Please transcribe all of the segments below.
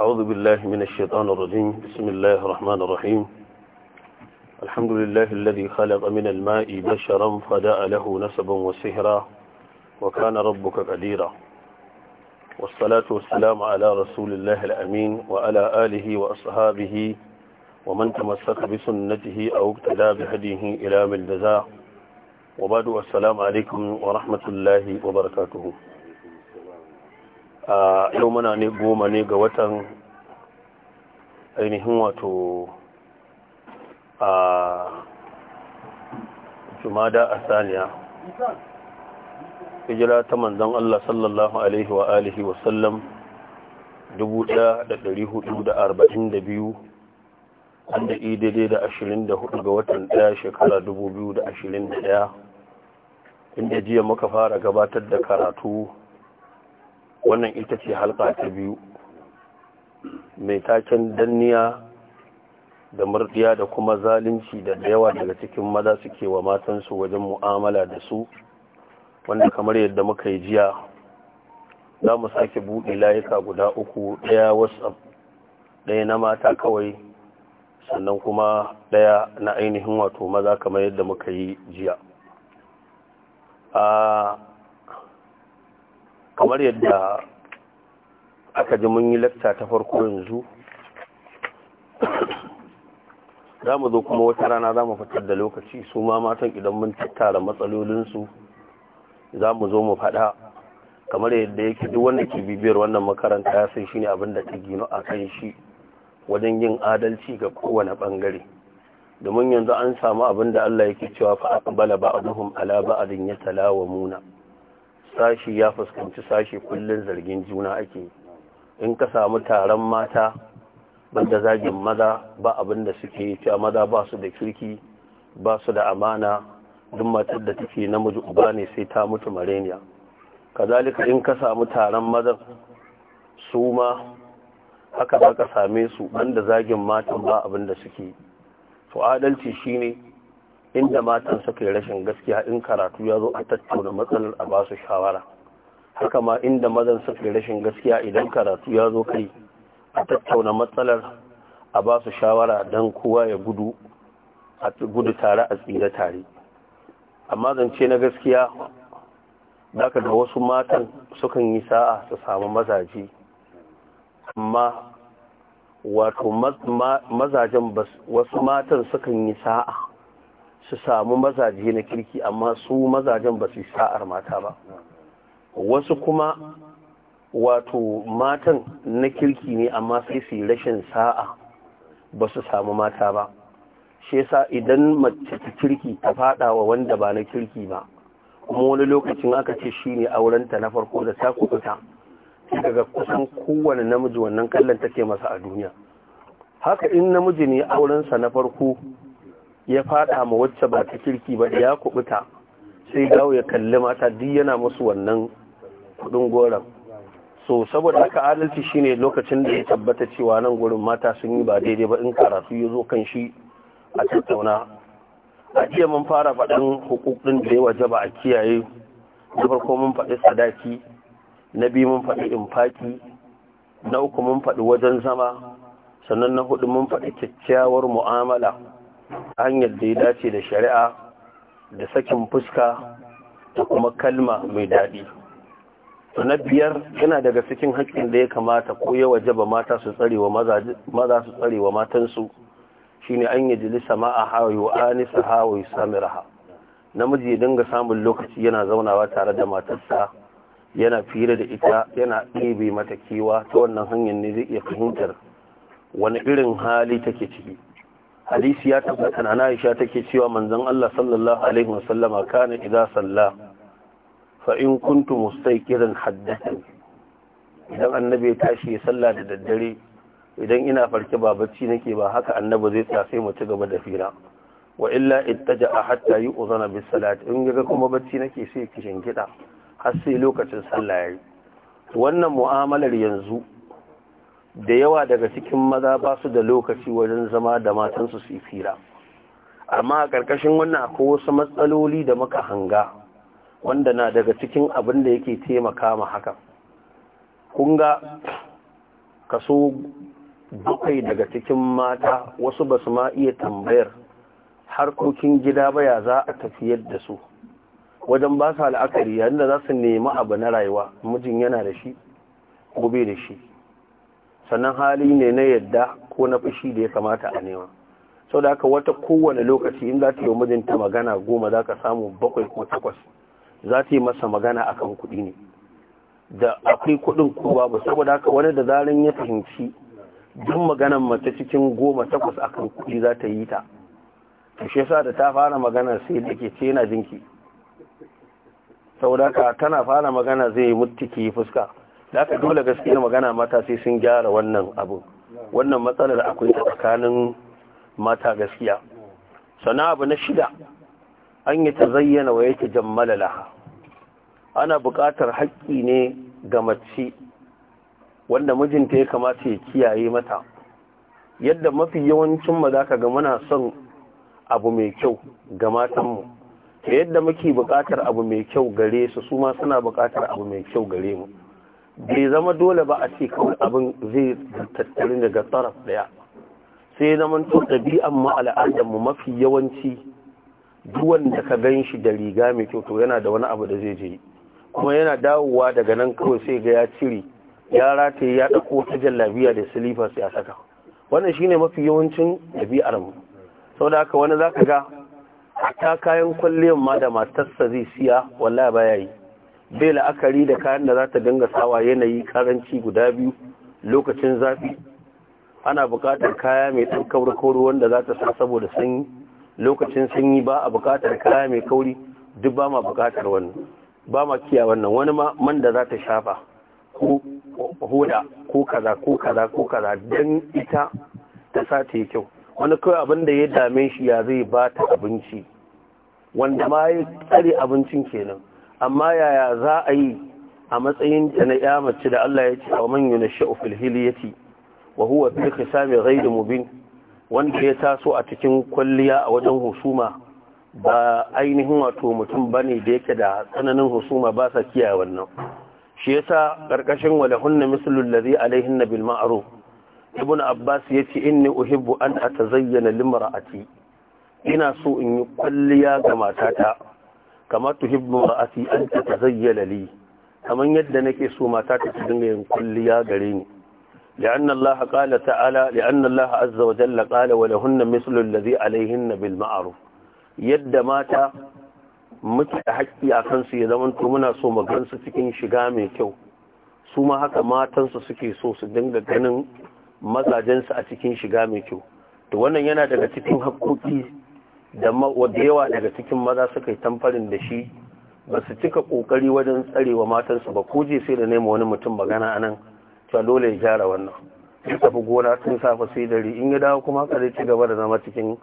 أعوذ بالله من الشيطان الرجيم بسم الله الرحمن الرحيم الحمد لله الذي خلق من الماء بشرا فداء له نسبا وسهرا وكان ربك قديرا والصلاة والسلام على رسول الله الأمين وعلى آله وأصحابه ومن تمسك بسنته أو اقتدى بهديه إلى من جزاه وبعد السلام عليكم ورحمة الله وبركاته a yau muna ne goma ne ga watan ainihin wato a jumada a saniya hijira ta manzan Allah sallallahu alaihi wa alihi wasallam 1442 an da idade da 24 ga watan daya shekara 2021 inda jiya muka fara gabatar da karatu wannan ita ce halka ta biyu mai taken danniya da murdiya da kuma zalunci da yawa daga cikin maza suke wa matansu wajen mu'amala da su wanda kamar yadda muka yi jiya za mu sake buɗe layuka guda uku ɗaya whatsapp ɗaya na mata kawai sannan kuma ɗaya na ainihin wato maza kamar yadda muka yi jiya ah, kamar yadda aka ji mun yi lakta ta farko yanzu za mu zo kuma wata rana za mu fitar da lokaci su ma matan idan mun tattara matsalolinsu za mu zo mu faɗa kamar yadda yake duk wanda ke bibiyar wannan makaranta ya san shi abin da ta gino a kan shi wajen yin adalci ga kowane bangare domin yanzu an samu abin da Allah yake cewa fa aqbala ba'dhum ala ba'din yatalawamuna sashi ya fuskanci sashi kullun zargin juna ake in ka samu taron mata banda zagin maza ba abin da suke cewa maza ba su da kirki ba su da amana duk matar da take namiji uba ne sai ta mutu mareniya kazalika in ka samu taron mazan su ma haka za ka same su banda zagin matan ba abin da suke to adalci shine inda matan suka rashin gaskiya in karatu ya zo a tattauna matsalar a basu shawara haka ma inda mazan suka rashin gaskiya idan karatu ya zo kai a tattauna matsalar a basu shawara don kowa ya gudu a gudu tare a tsira tare amma zance na gaskiya aka ga wasu matan sukan yi sa'a su samu mazaje amma wato mazajen wasu matan sukan yi sa'a su samu mazaje na kirki amma su mazajen ba su sa'ar mata ba wasu kuma wato matan na kirki ne amma sai su yi rashin sa'a ba su samu mata ba shi yasa idan mace ta kirki ta fada wa wanda ba na kirki ba kuma wani lokacin aka ce shi ne aurenta na farko da ta kubuta daga kusan kowane namiji wannan kallon take masa a duniya haka in namiji ne aurensa na farko ya fada ma wacce ba ta kirki ba da ya kubuta sai dawo ya kalli mata duk yana musu wannan kudin goron so saboda haka adalci shine lokacin da ya tabbata cewa nan gurin mata sun yi ba daidai ba in karatu ya zo kan shi a tattauna a iya mun fara faɗin hukukun da ya waje ba a kiyaye na farko mun faɗi sadaki na biyu mun faɗi infaki na uku mun faɗi wajen zama sannan na hudu mun faɗi kyakkyawar mu'amala hanyar da ya dace da shari'a da sakin fuska da kuma kalma mai daɗi na biyar yana daga cikin haƙƙin da ya kamata ko ya wajaba mata su tsarewa maza su tsarewa matansu shine an yi jilisa ma'a wa anisa sami samiraha namiji ya dinga samun lokaci yana zaunawa tare da matarsa yana fira da ita yana ɗebe mata kewa ta wannan hanyar ne zai iya fahimtar wani irin hali take ciki hadisi ya tabbata na Aisha take cewa manzon Allah sallallahu alaihi wasallama kana idza salla fa in kuntum mustayqiran haddathan idan annabi ya tashi ya salla da daddare idan ina farke ba bacci nake ba haka annabi zai tsaya sai mu ci gaba da fira wa illa ittaja hatta yu'zana bis salat in ga kuma bacci nake sai kishin gida har sai lokacin sallah yayi wannan mu'amalar yanzu da yawa daga cikin maza ba su da lokaci wajen zama da matansu su yi fira amma a ƙarƙashin wannan akwai wasu matsaloli da muka hanga wanda na daga cikin abin da yake taimaka ma haka kunga kaso bakwai daga cikin mata wasu ba su ma iya tambayar harkokin gida ba ya za a tafiyar da su wajen ba su al'akari yayin da za su nemi abu na rayuwa mijin yana da shi gobe da shi sannan hali ne na yadda ko na fushi da ya kamata a nema sau da haka wata kowane lokaci in za ta yi mijinta magana goma za ka samu bakwai ko takwas za ta yi masa magana akan kuɗi ne da akwai kuɗin ko babu saboda haka wani da zaran ya fahimci duk maganar mace cikin goma takwas akan kuɗi za ta yi ta to shi yasa da ta fara magana sai da ke ce yana jinki saboda haka tana fara magana zai yi mutuki fuska da aka dole gaskiya magana mata sai sun gyara wannan abu wannan matsalar akwai ta tsakanin mata gaskiya sana abu na shida an yi ta zayyana wa yake jammala laha ana buƙatar haƙƙi ne ga mace wanda mijinta ya kamata ya kiyaye mata yadda mafi yawancin za ka ga muna son abu mai kyau ga matanmu ta yadda muke buƙatar abu mai kyau gare su su ma suna buƙatar abu mai kyau gare mu bai zama dole ba a ce kawai abin zai tattarin daga taraf daya sai na manto ɗabi'an mu al'adar mu mafi yawanci duwan da ka gan shi da riga mai kyau to yana da wani abu da zai je kuma yana dawowa daga nan kawai sai ga ya cire ya rataye ya ɗauko ta jallabiya da silifa ya saka wannan shine mafi yawancin ɗabi'ar mu da haka wani za ka ga ta kayan kwalliyar ma da matarsa zai siya wallahi ya yi bai la'akari da kayan da za ta dinga sawa yanayi karanci guda biyu lokacin zafi ana buƙatar kaya mai ɗan kauri wanda za ta sa saboda sanyi lokacin sanyi ba a buƙatar kaya mai kauri duk ba ma buƙatar wannan ba ma kiya wannan wani man da za ta shafa ko hoda ko kaza ko kaza ko kaza don ita ta sa ta yi kyau wani kawai abin da ya dame shi ya zai ba ta abinci wanda ma ya tsare abincin kenan amma yaya za a yi a matsayin ta na ya mace da Allah ya ce a man yunashu fil hiliyati wa huwa fi khisami ghayr mubin wanda ya taso a cikin kwalliya a wajen husuma ba ainihin wato mutum bane da yake da tsananin husuma ba sa kiyaye wannan shi yasa karkashin wala hunna mislul ladhi alaihin bil ma'ruf ibn abbas yace inni uhibbu an atazayyana limra'ati ina so in yi kwalliya ga matata kama tuhibbu ra'ati an tatazayyala li kaman yadda nake so mata ta dinga yin kulliya gare ni لأن الله قال تعالى لأن الله عز وجل قال ولهن مثل الذي عليهن muke da haƙƙi a kansu ya zaman to muna so mu gansu cikin shiga mai kyau su ma haka matansu suke so su dinga ganin mazajensu a cikin shiga mai kyau to wannan yana daga cikin haƙƙoƙi da yawa daga cikin maza suka yi tamfarin da shi ba su cika kokari wajen tsarewa matansu ba ko je sai da nema wani mutum magana anan cewa dole ya gyara wannan ya tafi gona tun safa sai dare in ya dawo kuma zai ci gaba da zama cikin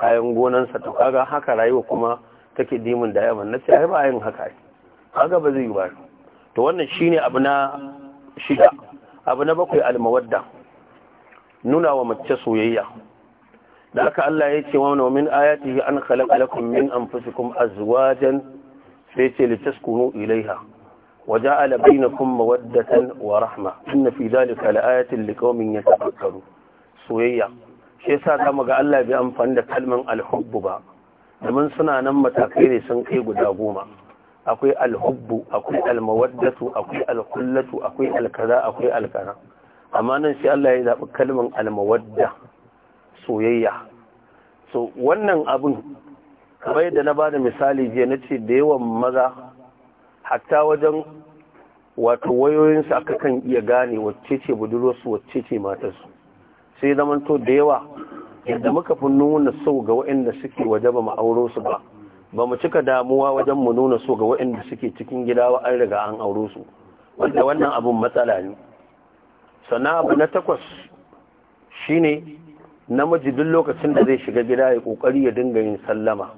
kayan gonansa to kaga haka rayuwa kuma take dimin da yaman na ce ai ba yin haka kaga ba zai yi ba to wannan shine abu na shida abu na bakwai almawadda nuna wa mace soyayya da aka Allah ya ce wa min ayatihi an khalaqa lakum min anfusikum azwajan sai ce litaskunu ilaiha wa ja'ala bainakum mawaddatan wa rahma inna fi dhalika laayatin liqaumin yatafakkaru soyayya shi yasa zamu ga Allah bai amfani da kalman alhubbu ba domin suna nan matakai ne sun kai guda goma akwai alhubbu akwai almawaddatu akwai alkullatu akwai alkaza akwai alkara amma nan shi Allah ya zaɓi kalman almawadda soyayya so wannan abin kamar yadda na ba da misali jiya na ce da yawan maza hatta wajen wato wayoyinsu aka kan iya gane wacce ce budurwarsu wacce ce matarsu sai zamanto da yawa yadda muka fi nuna so ga waɗanda suke waje ba ma'auro su ba ba mu cika damuwa wajen mu nuna so ga waɗanda suke cikin gida wa an riga an auro su wanda wannan abun matsala ne sana abu na takwas shine namiji duk lokacin da zai shiga gida ya kokari ya dinga yin sallama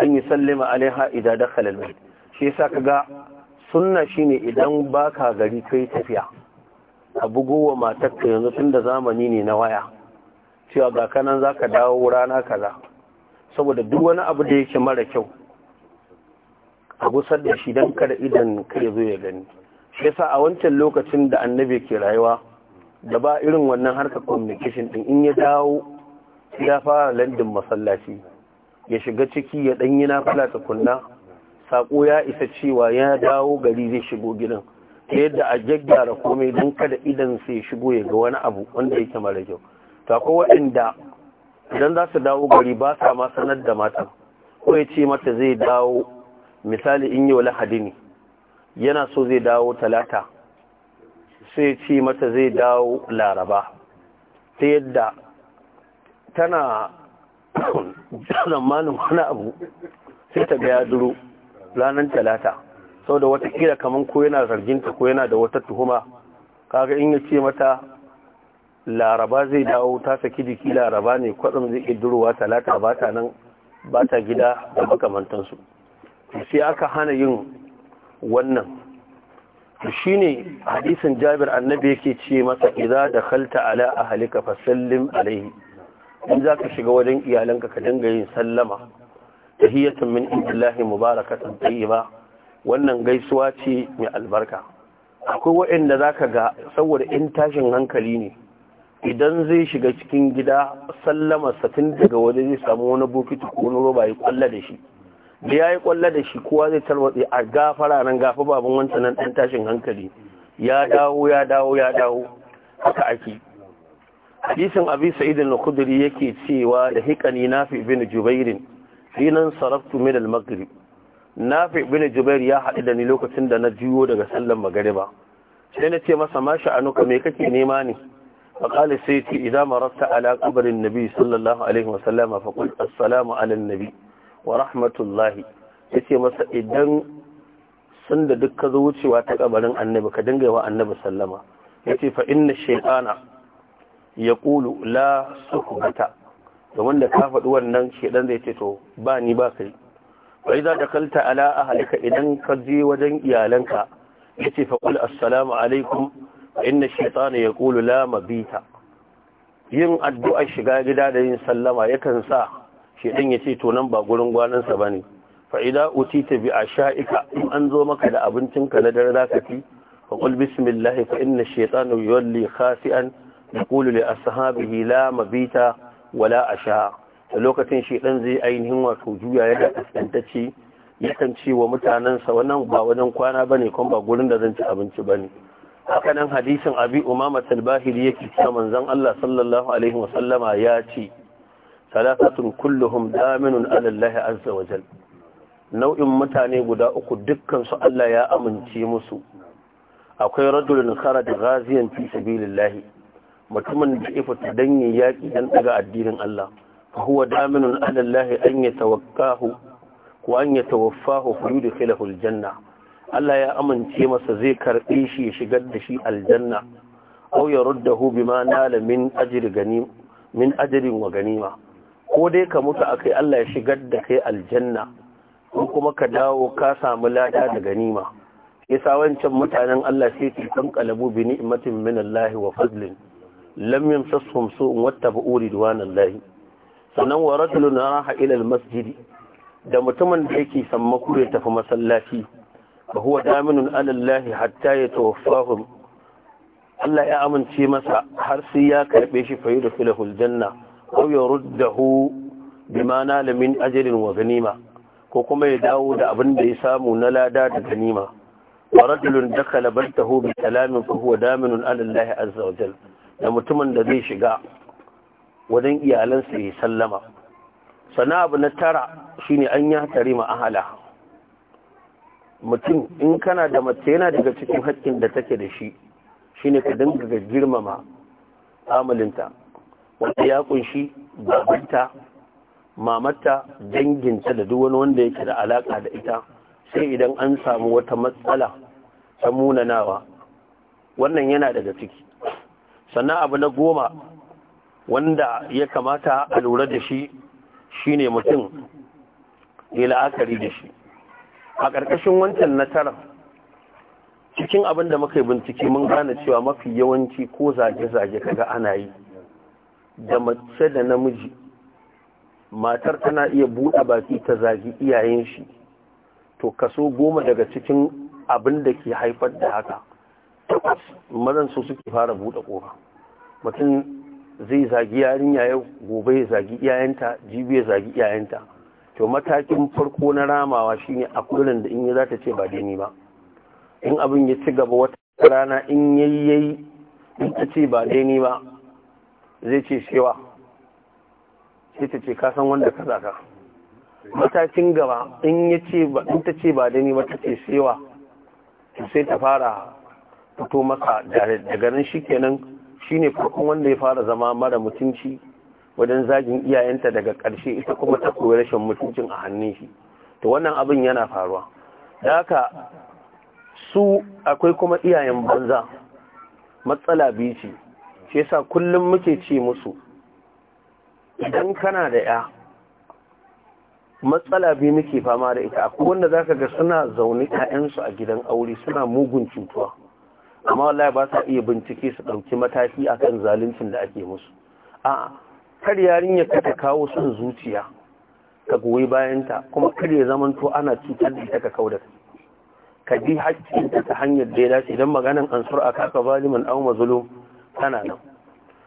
an yi sallama alaiha idan khalal albayt shi yasa kaga sunna shine idan baka gari kai tafiya a bugowa ka yanzu tunda zamani ne na waya cewa ga kanan zaka dawo rana kaza saboda duk wani abu da yake mara kyau a gusar da shi don kada idan kai zo ya gani shi yasa a wancan lokacin da annabi ke rayuwa da ba irin wannan harkar communication din in ya dawo ya fara landin masallaci ya shiga ciki ya yi na ta kunna. sako ya isa cewa ya dawo gari zai shigo gidan ta yadda a gyaggyara komai don kada idan sai shigo ya ga wani abu wanda yake mara kyau to kuwa waɗanda idan za su dawo gari ba sa ma sanar da matan ko ya ce mata zai dawo misali in yau lahadi ne yana so zai dawo talata sai ce mata zai dawo laraba ta yadda tana zamanin wani abu sai ta gaya duro ranar talata sau da kira kamar ko yana zarginta ko yana da wata tuhuma kaga in ya ce mata laraba zai dawo ta saki jiki laraba ne kwatsam zai ƙidurowa talata ba ta nan ba ta gida da makamantansu sai aka hana yin wannan shi ne hadisin jabir annabi yake ce masa iza da kalta ala a halika fasallim alaihi in za ka shiga wajen iyalanka ka dinga yin sallama ta hiyatun min mubaraka mubarakatan ba wannan gaisuwa ce mai albarka akwai waɗanda za ka ga saboda in tashin hankali ne idan zai shiga cikin gida sallama satin daga waje zai samu wani bokiti ko wani roba ya kwalla da shi da ya yi kwallo da shi kowa zai tarwatsi a gafara nan gafi babin wancan nan ɗan tashin hankali ya dawo ya dawo ya dawo haka ake hadisin abi sa'id al-khudri yake cewa da hikani nafi ibn jubair hinan saraftu min al-maghrib nafi ibn jubair ya haɗu da ni lokacin da na juyo daga Sallar magariba sai na ce masa ma sha'anuka me kake nema ne فقال سيتي إذا مرضت على قبر النبي صلى الله عليه وسلم فقل السلام ala nabi. wa rahmatullahi ya ce masa idan sun da duk ka zo wucewa ta kabarin annabi ka dinga wa annabi sallama ya ce fa inna shaitana ya kulu la suhbata domin da ka faɗi wannan shaitan zai ce to ba ni ba kai fa idza kalta ala ahalika idan ka je wajen iyalanka ya ce fa kul assalamu alaikum fa inna shaitana ya kulu la mabita yin addu'a shiga gida da yin sallama yakan sa shedan ya ce to nan ba gurin gwanansa ba ne fa'ida utita bi a sha'ika in an zo maka da abincinka na dare za ka fi wa bismillahi fa inna shaitanu yuwalli khasi'an da kulu li ashabihi la mabita wala asha da lokacin shi ɗan zai ainihin wato juya yana kaskantacce yakan ce wa mutanensa wannan ba wajen kwana bane kwan ba gurin da zan ci abinci bane haka nan hadisin abi umama talbahir yake cewa manzon Allah sallallahu alaihi wasallama ya ce salasatun kulluhum daminun alallahi azza wa jal nau'in mutane guda uku dukkan su Allah ya amince musu akwai rajulun kharaja ghaziyan fi sabilillah mutumin da ifata dan yayi yaki dan daga addinin Allah fa huwa daminun alallahi an yatawakkahu wa an yatawaffahu fa yudkhilahu aljanna Allah ya amince masa zai karbe shi ya shigar da shi aljanna aw yaruddahu bima nala min ajri ganim min ajrin wa ganima ko dai ka mutu a kai Allah ya shigar da kai aljanna ko kuma ka dawo ka samu lada da ganima isa wancan mutanen Allah sai ke kan kalabu bi ni'matin min Allah wa fadlin lam yamsasuhum su'un wattabu Allah sannan wa rajulun raha ila almasjid da mutumin da yake samma kure tafi masallaci fa huwa daminun ala Allah hatta yatawaffahum Allah ya amince masa har sai ya karbe shi fa filahul janna aw yaruddahu bima nala min ajrin wa ganima ko kuma ya dawo da abin da ya samu na lada da ganima wa rajulun dakala baltahu bi salamin fa huwa daminun ala Allah azza wa da mutumin da zai shiga wajen iyalansa ya sallama sana abu na tara shine an ya tare ma ahala mutum in kana da mace yana daga cikin haƙƙin da take da shi shine ka dinga girmama amalinta wanda ya kunshi babanta mamata danginta da duk wanda yake da alaka da ita sai idan an samu wata matsala ta munanawa wannan yana daga ciki sannan abu na goma wanda ya kamata a lura da shi shi ne mutum ya la'akari da shi a ƙarƙashin wancan nasara cikin abin da muka yi bincike mun gane cewa mafi yawanci ko zage-zage kaga ana yi da mace da namiji matar tana iya buɗa baki ta zagi iyayen shi to kaso goma daga cikin abin da ke haifar da haka takwas mazan su suke fara buɗe ƙofa mutum zai zagi yarinya yau gobe ya zagi iyayenta jibi ya zagi iyayenta to matakin farko na ramawa shine a kullum da in yi za ta ce ba dini ba in abin ya ci gaba wata rana in yayyayi in ta ce ba dini ba zai ce shewa sai ta ce kasan wanda ka zaka matakin gaba in ya ce ba ta ce ba da ni ba ta ce shewa sai ta fara fito masa shi kenan shikenan ne farkon wanda ya fara zama mara mutunci wajen zagin iyayenta daga ƙarshe ita kuma ta koyi rashin mutuncin a hannun shi to wannan abin yana faruwa da haka su akwai kuma iyayen banza matsala biyu ce shi yasa kullum muke ce musu idan kana da ya matsala biyu muke fama da ita akwai wanda za ka ga suna zaune ƴaƴansu a gidan aure suna mugun cutuwa amma wallahi ba sa iya bincike su ɗauki mataki akan zaluncin da ake musu a'a kar yarinya ka ta kawo son zuciya ka goyi bayanta kuma kar ya zamanto ana cutar da ita ka kawo da ta ka bi haƙƙinta ta hanyar da ya dace idan maganan ansur aka ka zaliman au mazlum tana nan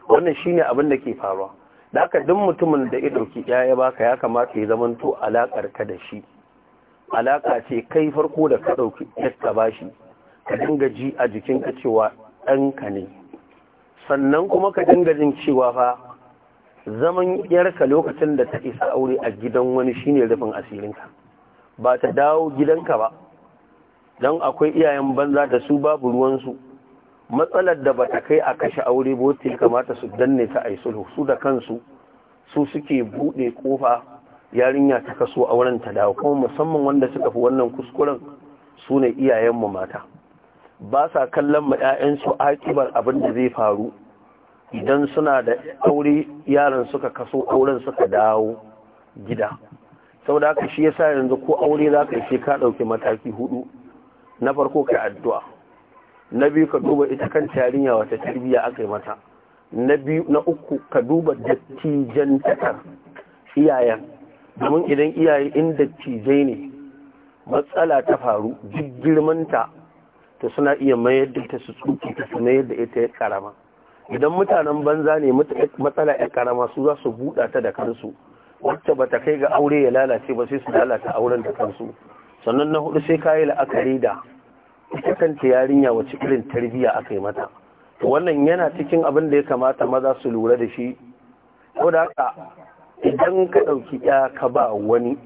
wannan shine abin da ke faruwa da aka duk mutumin da ya ɗauki ya baka ya kamata ya zama to alakar da shi Alaƙa ce kai farko da ka dauki ka shi, ka dinga ji a jikinka cewa ɗanka ne sannan kuma ka dinga jin cewa fa zaman yarka lokacin da ta isa aure a gidan wani shine rufin asirinka ba ta dawo gidanka ba don akwai iyayen banza da su babu ruwansu matsalar da bata kai a kashe aure botil kamata su danne ta yi sulhu su da kansu su suke bude kofa yarinya ta kaso auren ta dawo kuma musamman wanda suka fi wannan kuskuren su ne iyayenmu mata ba sa kallon mu ƴaƴansu akibar abin da zai faru idan suna da aure yaran suka kaso auren suka dawo gida saboda haka shi yasa yanzu ko aure za ka yi ka ɗauki mataki hudu na farko kai addu'a na biyu ka duba ita kan yarinya wata tarbiyya aka yi mata na biyu na uku ka duba dattijan takar iyayen domin idan iyaye in dattijai ne matsala ta faru duk girmanta ta suna iya mayar da ta su tsuki ta su mayar da ita ya karama idan mutanen banza ne matsala ya karama su za su buɗa ta da kansu wacce ba ta kai ga aure ya lalace ba sai su lalata auren da kansu sannan na hudu sai kayi la'akari da ita kanta yarinya wacce irin tarbiyya aka yi mata wannan yana cikin abin da ya kamata maza su lura da shi ko da haka idan ka ɗauki 'ya ka ba wani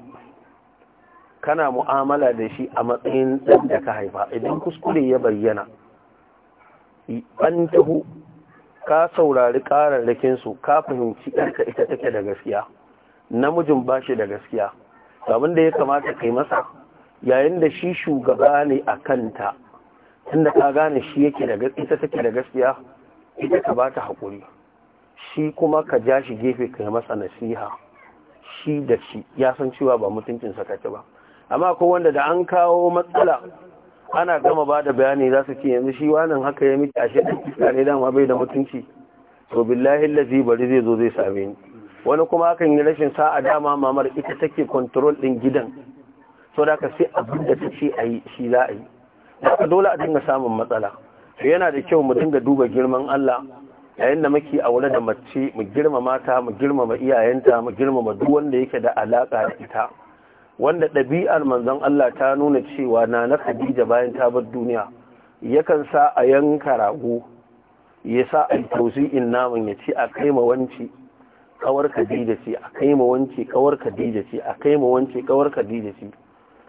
kana mu'amala da shi a matsayin ɗan da ka haifa idan kuskure ya bayyana an taho ka saurari su ka fahimci ɗarka ita take da gaskiya namijin ba shi da gaskiya abin da ya kamata kai masa yayin da shi shugaba ne a kanta tunda ka gane shi yake da ita take da gaskiya ita ka bata hakuri shi kuma ka ja shi gefe ka yi masa nasiha shi da shi ya san cewa ba mutuncin sa kace ba amma ko wanda da an kawo matsala ana gama ba da bayani za su ce yanzu shi wannan haka ya miki ashe da kisa ne dama bai da mutunci to billahi allazi bari zai zo zai same ni wani kuma hakan yi rashin sa'a dama mamar ita take control din gidan so da ka sai abin da ta ce a yi shi za a yi da dole a dinga samun matsala yana da kyau mu dinga duba girman Allah yayin da muke aure da mace mu girmama ta mu girmama iyayenta mu girmama duk wanda yake da alaka da ita wanda ɗabi'ar manzon Allah ta nuna cewa na na Khadija bayan ta bar duniya yakan sa a yanka rago ya sa a tausi'in namun ya ce a kai ma wanci kawar Khadija ce a kai ma wanci kawar Khadija ce a kai ma wanci kawar Khadija ce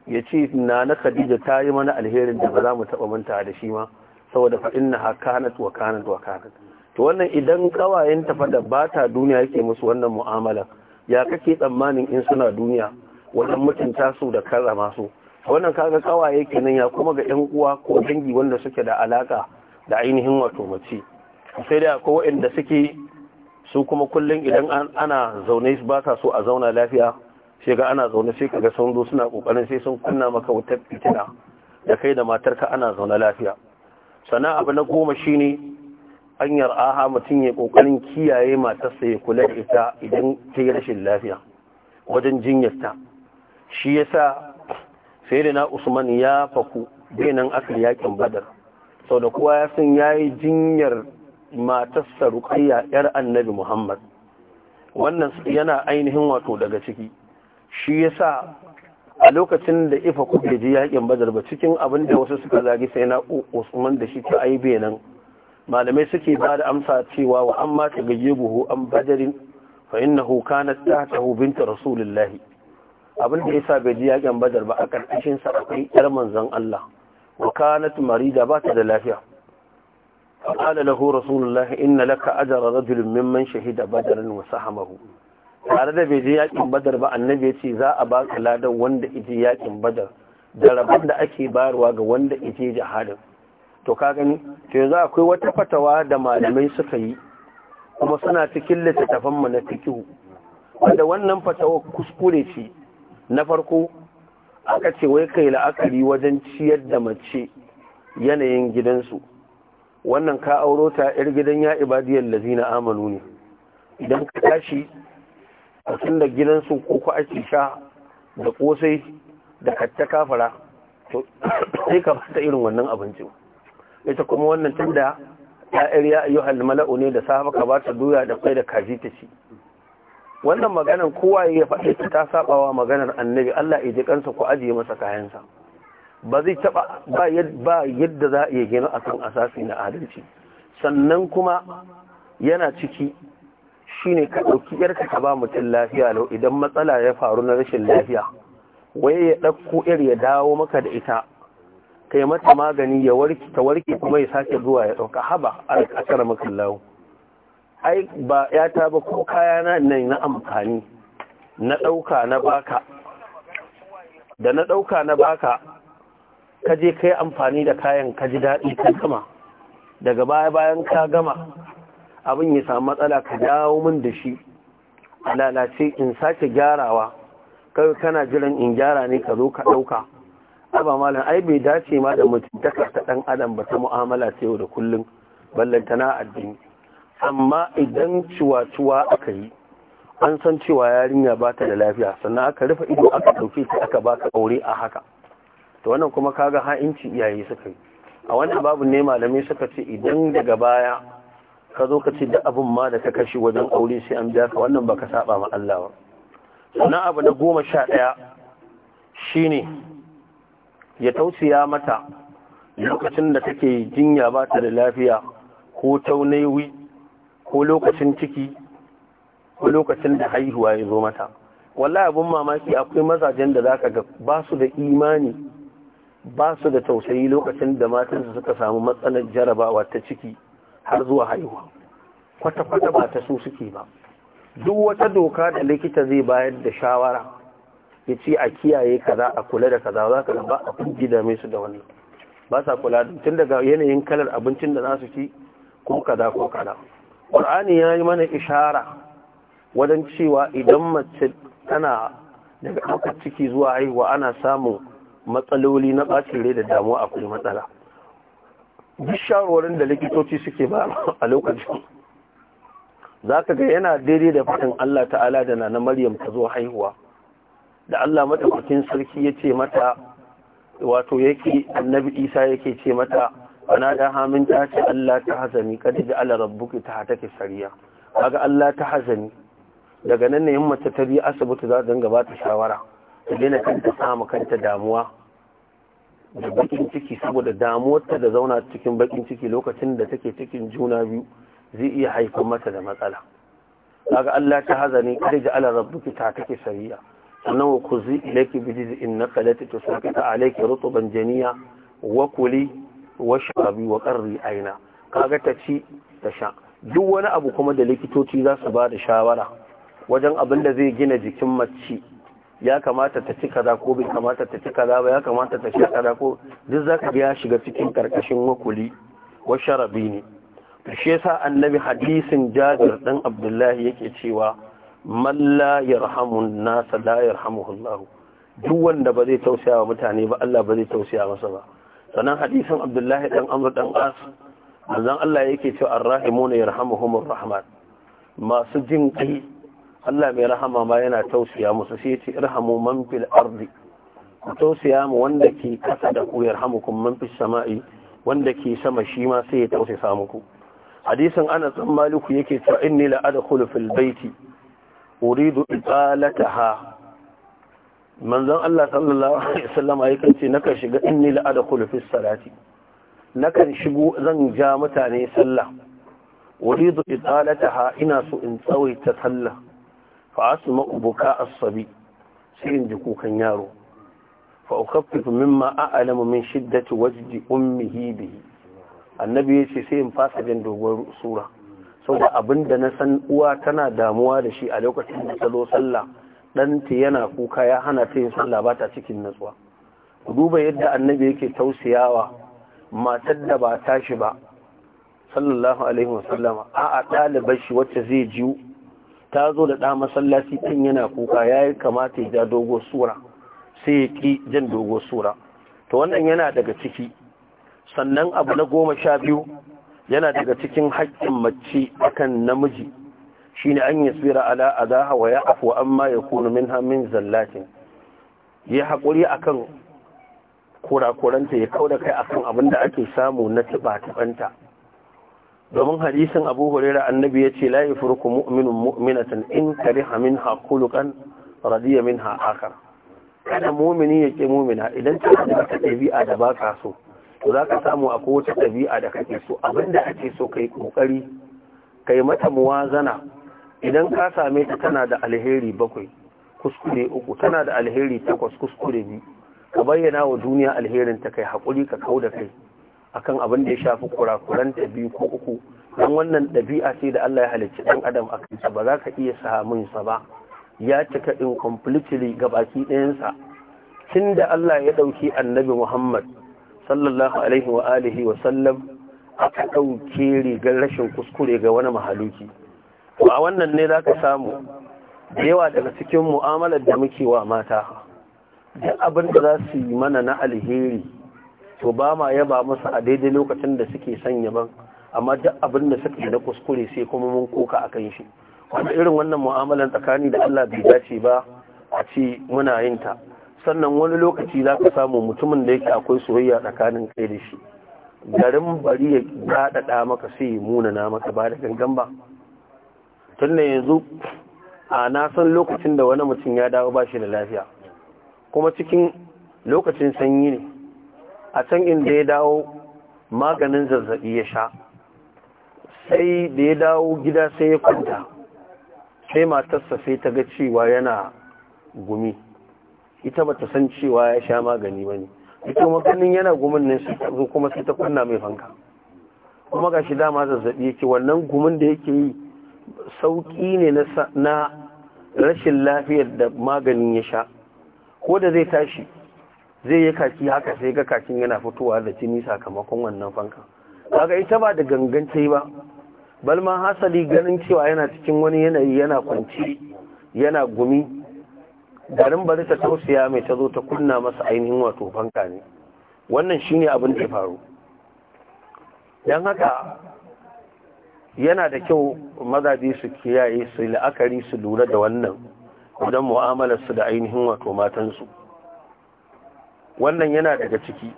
ya ce na na khadija ta yi mana alherin da ba za mu taɓa manta da shi ma saboda faɗin na hakanat wa kanat wa kanat to wannan idan kawayen ta fada ba ta duniya yake musu wannan mu'amala ya kake tsammanin in suna duniya wajen mutunta su da kaza masu wannan kaga kawaye kenan ya kuma ga yan uwa ko dangi wanda suke da alaka da ainihin wato mace sai dai akwai waɗanda suke su kuma kullum idan ana zaune ba sa so a zauna lafiya sai ga ana zaune sai kaga sun zo suna kokarin sai sun kunna maka wutar fitina da kai da matarka ana zaune lafiya sana abu na goma shine hanyar aha mutum ya kokarin kiyaye matarsa ya kula da ita idan ta yi rashin lafiya wajen jinyarta shi yasa sai da na usman ya faku nan aka yakin badar sau da kowa ya san ya yi jinyar matarsa ruƙayya yar annabi muhammad wannan yana ainihin wato daga ciki shi yasa a lokacin da ifa kuke ji yakin badar ba cikin abin da wasu suka zagi sai na usman da shi ta aibe nan malamai suke ba da amsa cewa wa amma ta gaje buhu an badarin fa ta ta tahtahu binta rasulillahi abin da yasa bai ji yakin badar ba a karkashin sa akwai yar manzon Allah wa kanat marida ba ta da lafiya فقال له رسول الله laka لك أجر رجل ممن شهد بدرا وسهمه tare da bai je yakin badar ba annabi ya ce za a ba ka ladan wanda ije yakin badar da rabon da ake bayarwa ga wanda ije jihadin to ka gani to yanzu akwai wata fatawa da malamai suka yi kuma suna cikin littattafan mu na fiqh wanda wannan fatawa kuskure ce na farko aka ce wai kai la'akari wajen ciyar da mace yanayin gidansu wannan ka auro ta yar gidan ya ibadiyar lazina amanu ne idan ka tashi mutum da gidansu ko ku ake sha da kosai da katta kafara to sai ka fata irin wannan abincin ita kuma wannan tun da ya'ir ya halmala'u ne da sahaba ka bata doya da kai da kaji ta ci wannan maganar kowa ya faɗi ta ta sabawa maganar annabi Allah ya ji kansa ku ajiye masa kayansa ba zai taba ba yadda za a iya gina akan asasi na adalci sannan kuma yana ciki shine ka ɗauki yarka ka ba mutum lafiya lau idan matsala ya faru na rashin lafiya waye ya ɗauko yar ya dawo maka da ita kai mata magani ya warke ta warki kuma ya sake zuwa ya ɗauka haba a ƙasar maka lau ai ba ya ta ko kaya na nan na amfani na ɗauka na baka da na ɗauka na baka ka je yi amfani da kayan ka ji daɗi ka gama daga baya bayan ka gama abin ya samu matsala ka dawo min da shi a lalace in sake gyarawa kai kana jiran in gyara ne ka zo ka ɗauka aba malam ai bai dace ma da mutuntaka ta ɗan adam ba ta mu'amala ta yau da kullum ballanta na addini amma idan ciwa-ciwa aka yi an san cewa yarinya ba ta da lafiya sannan aka rufe ido aka ɗauke ta aka baka aure a haka to wannan kuma kaga ha'inci iyaye suka yi a wannan babu ne malamai suka ce idan daga baya ka zo ka ci da abin ma da ka kashe wajen aure sai an biya ka wannan ba ka saba ma Allah ba na abu na goma sha ɗaya shine ya tausiya mata lokacin da take jinya ba ta da lafiya ko taunaiwi ko lokacin ciki ko lokacin da haihuwa ya zo mata wallahi abin mamaki akwai mazajen da zaka ga ba su da imani ba su da tausayi lokacin da matansu suka samu matsalar jarabawa ta ciki har zuwa haihuwa kwata-kwata ba ta su suke ba duk wata doka da likita zai bayar da shawara ya ce a kiyaye kaza a kula da kaza za ka ba a kungi mai su da wani ba sa kula tun daga yanayin kalar abincin da za su ci ko kaza ko kaza ƙur'ani ya yi mana ishara wajen cewa idan mace tana daga ɗaukar ciki zuwa haihuwa ana samun matsaloli na ɓacin rai da damuwa akwai matsala duk shawarwarin da likitoci suke ba a lokacin za ka ga yana daidai da fatan Allah ta'ala da na Maryam ta zo haihuwa da Allah matafakin sarki ya ce mata wato yake annabi isa yake ce mata ana da hamin ta ce Allah ta hazani kada ji ala rabbuki ta hatake sariya kaga Allah ta hazani daga nan ne himmata ta bi asibiti za ta ba ta shawara ta daina kanta samu kanta damuwa da bakin ciki saboda damuwarta da zauna cikin bakin ciki lokacin da take cikin juna biyu zai iya haifar mata da matsala kaga Allah ta hazani kada ji ala rabbuki ta take shari'a sannan wa kuzi ilayki bi inna naqalati tusaqita alayki rutuban janiya wa kuli wa shrabi wa qarri aina kaga ta ci ta sha duk wani abu kuma da likitoci za su ba da shawara wajen abin da zai gina jikin mace ya kamata ta ci kaza ko bai kamata ta ci kaza ba ya kamata ta sha kaza ko duk zaka ga ya shiga cikin karkashin wakuli wa sharabi ne shi yasa annabi hadisin Jabir dan Abdullahi yake cewa man la yarhamun nas la yarhamuhu Allah duk wanda ba zai tausaya wa mutane ba Allah ba zai tausaya masa ba sannan hadisin Abdullahi dan Amr dan As manzon Allah yake cewa arrahimuna yarhamuhumur rahman masu jin kai Allah mai rahama ma yana tausaya musu sai ce irhamu man fil ardi tausiya tausaya mu wanda ke kasa da ku yarhamukum man fis sama'i wanda ke sama shi ma sai ya tausaya muku hadisin ana san maliku yake cewa inni la adkhulu fil baiti uridu italataha manzon Allah sallallahu alaihi wasallam ayi kace nakan shiga inni la adkhulu fis salati nakan shigo zan ja mutane sallah uridu italataha ina so in tsawaita sallah fa asma ubuka as-sabi sai in ji kukan yaro fa ukaffifu mimma a'lamu min shiddati wajdi ummihi bihi annabi ya sai in fasa jin dogon sura saboda abin da na san uwa tana damuwa da shi a lokacin da ta zo sallah ɗanta yana kuka ya hana ta yin sallah ba ta cikin natsuwa ku duba yadda annabi yake tausayawa matar da ba tashi ba sallallahu alaihi wasallama a a ɗalibar shi wacce zai jiwu ta zo da ɗa masallaci tun yana kuka ya yi kamata ya ja dogo sura sai ya ƙi jan dogo sura to wannan yana daga ciki sannan abu na goma sha biyu yana daga cikin haƙƙin mace kan namiji Shi ne an yi tsira ala adaha ya afu, amma ya minha min hamin zallatin ya haƙuri a akan kurakuranta ya kauda kai a kan abin da ake samu na taɓa-taɓanta. domin hadisin abu hurera annabi ya ce layi furku mu'minun mu'minatan in ha minha khuluqan radiya ha akhar kada mu'mini ya ke mu'mina idan ta da ta ɗabi'a da baka so to za ka samu a kowace ɗabi'a da kake so abinda ake so kai kokari kai mata muwazana idan ka same ta tana da alheri bakwai kuskure uku tana da alheri takwas kuskure biyu ka bayyana wa duniya alherin ta kai haƙuri ka kau da kai akan abin da ya shafi kurakuran ta biyu ko uku dan wannan ɗabi'a ce da Allah ya halicci dan adam a kansa ba za ka iya samun sa ba ya cika in completely ga baki ɗayansa tun da Allah ya ɗauki annabi Muhammad sallallahu alaihi wa alihi wa sallam aka ɗauke rigar rashin kuskure ga wani mahaluki to a wannan ne za ka samu da yawa daga cikin mu'amalar da muke wa mata da abin da za su yi mana na alheri to ba ma yaba musu a daidai lokacin da suke sanya ban amma duk abin da suka yi na kuskure sai kuma mun koka a kan shi wanda irin wannan mu'amalan tsakani da Allah bai dace ba a ce muna yin ta sannan wani lokaci za ka samu mutumin da yake akwai soyayya tsakanin kai da shi garin bari ya daɗaɗa maka sai ya munana maka ba da gangan ba tun da yanzu a na san lokacin da wani mutum ya dawo ba shi da lafiya kuma cikin lokacin sanyi ne a can inda ya dawo maganin zazzabi ya sha sai da ya dawo gida sai ya kwanta sai matarsa sai ta ga cewa yana gumi ita ba ta san cewa ya sha magani ba ne ita maganin yana gumin ne sai ta zo kuma sai ta kunna mai fanka kuma ga shi dama zazzabi yake wannan gumin da yake yi sauƙi ne na rashin lafiyar da maganin ya sha ko da zai tashi zai yi kaki haka sai ga kakin yana fitowa da jini sakamakon wannan fanka. kaga ita ba da gangance ba balma hasali ganin cewa yana cikin wani yanayi yana kwanci yana gumi garin bari ta tausaya mai ta zo ta kunna masa ainihin wato fanka ne wannan shine abin da faru don haka yana da kyau mazaje su kiyaye su la'akari su lura da wannan wajen mu'amalarsu da ainihin wato matansu wannan yana daga ciki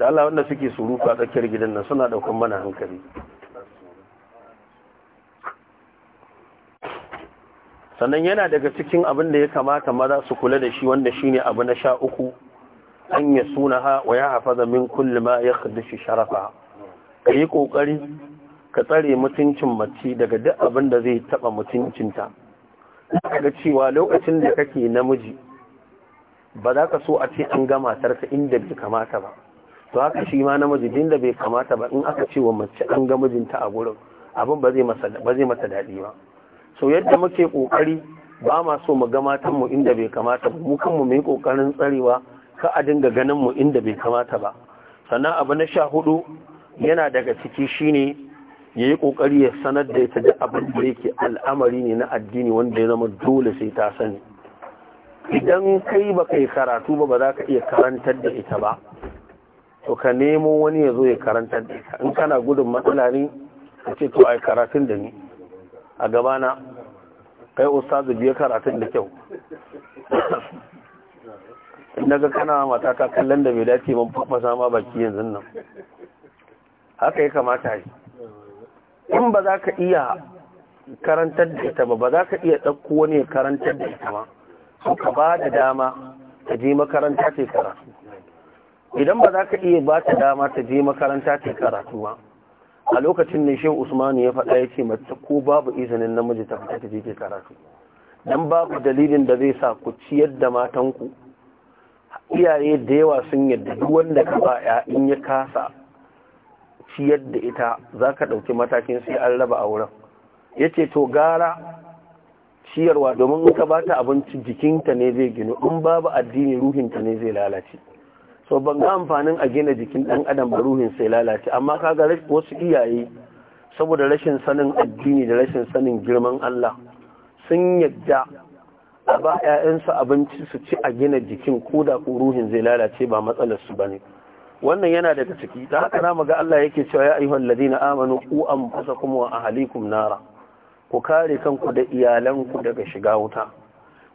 da Allah wanda suke surufa a tsakiyar gidan nan suna daukan mana hankali sannan yana daga cikin abin da ya kamata maza su kula da shi wanda shine abu na sha uku an ya suna ha wa ya hafaza min kulle ma ya shi sharafa ka yi kokari ka tsare mutuncin mace daga duk abin da zai taba mutuncinta ga cewa lokacin da kake namiji ba za ka so a ce an ga matarsa inda bai kamata ba to haka shi ma namiji din da bai kamata ba in aka ce wa mace an ga mijinta a gurin abin ba zai masa mata daɗi ba so yadda muke kokari ba ma so mu ga tan mu inda bai kamata ba mu kanmu mu yi kokarin tsarewa ka a dinga ganin mu inda bai kamata ba sannan abu na sha hudu yana daga ciki shine ya yi ƙoƙari ya sanar da ita da abin da yake al'amari ne na addini wanda ya zama dole sai ta sani idan kai ba kai karatu ba ba za ka iya karantar da ita ba to ka nemo wani ya zo ya karantar da ita in kana gudun matsala ne ka ce to ai karatun da ni a gabana kai ustazu biya karatun da kyau na ga kana matata kallon da bai dace ban fafasa ma baki yanzu nan haka ya kamata yi in ba za ka iya karantar da ita ba ba za ka iya ɗauko wani ya karantar da ita ba suka ka ba da dama ta je makaranta ta karatu idan ba za ka iya ba ta dama ta je makaranta ta karatu ba a lokacin ne shehu usmanu ya faɗa ya ce mace ko babu izinin namiji ta fita ta je ta karatu dan babu dalilin da zai sa ku ciyar da matanku iyaye da yawa sun yadda duk wanda ka ba ya in ya kasa ciyar da ita za ka ɗauki matakin sai an raba auren ya ce to gara ciyarwa domin in ka ta abinci jikinta ne zai ginu in babu addini ruhinta ne zai lalace so ban ga amfanin a gina jikin dan adam ba ruhin sai lalace amma kaga wasu iyaye saboda rashin sanin addini da rashin sanin girman Allah sun yadda a ba 'ya'yansu abinci su ci a gina jikin ko da ku ruhin zai lalace ba matsalar su bane wannan yana daga ciki da haka na ga Allah yake cewa ya ayyuhal ladina amanu qu anfusakum wa ahlikum nara ku kare kanku da iyalanku daga shiga wuta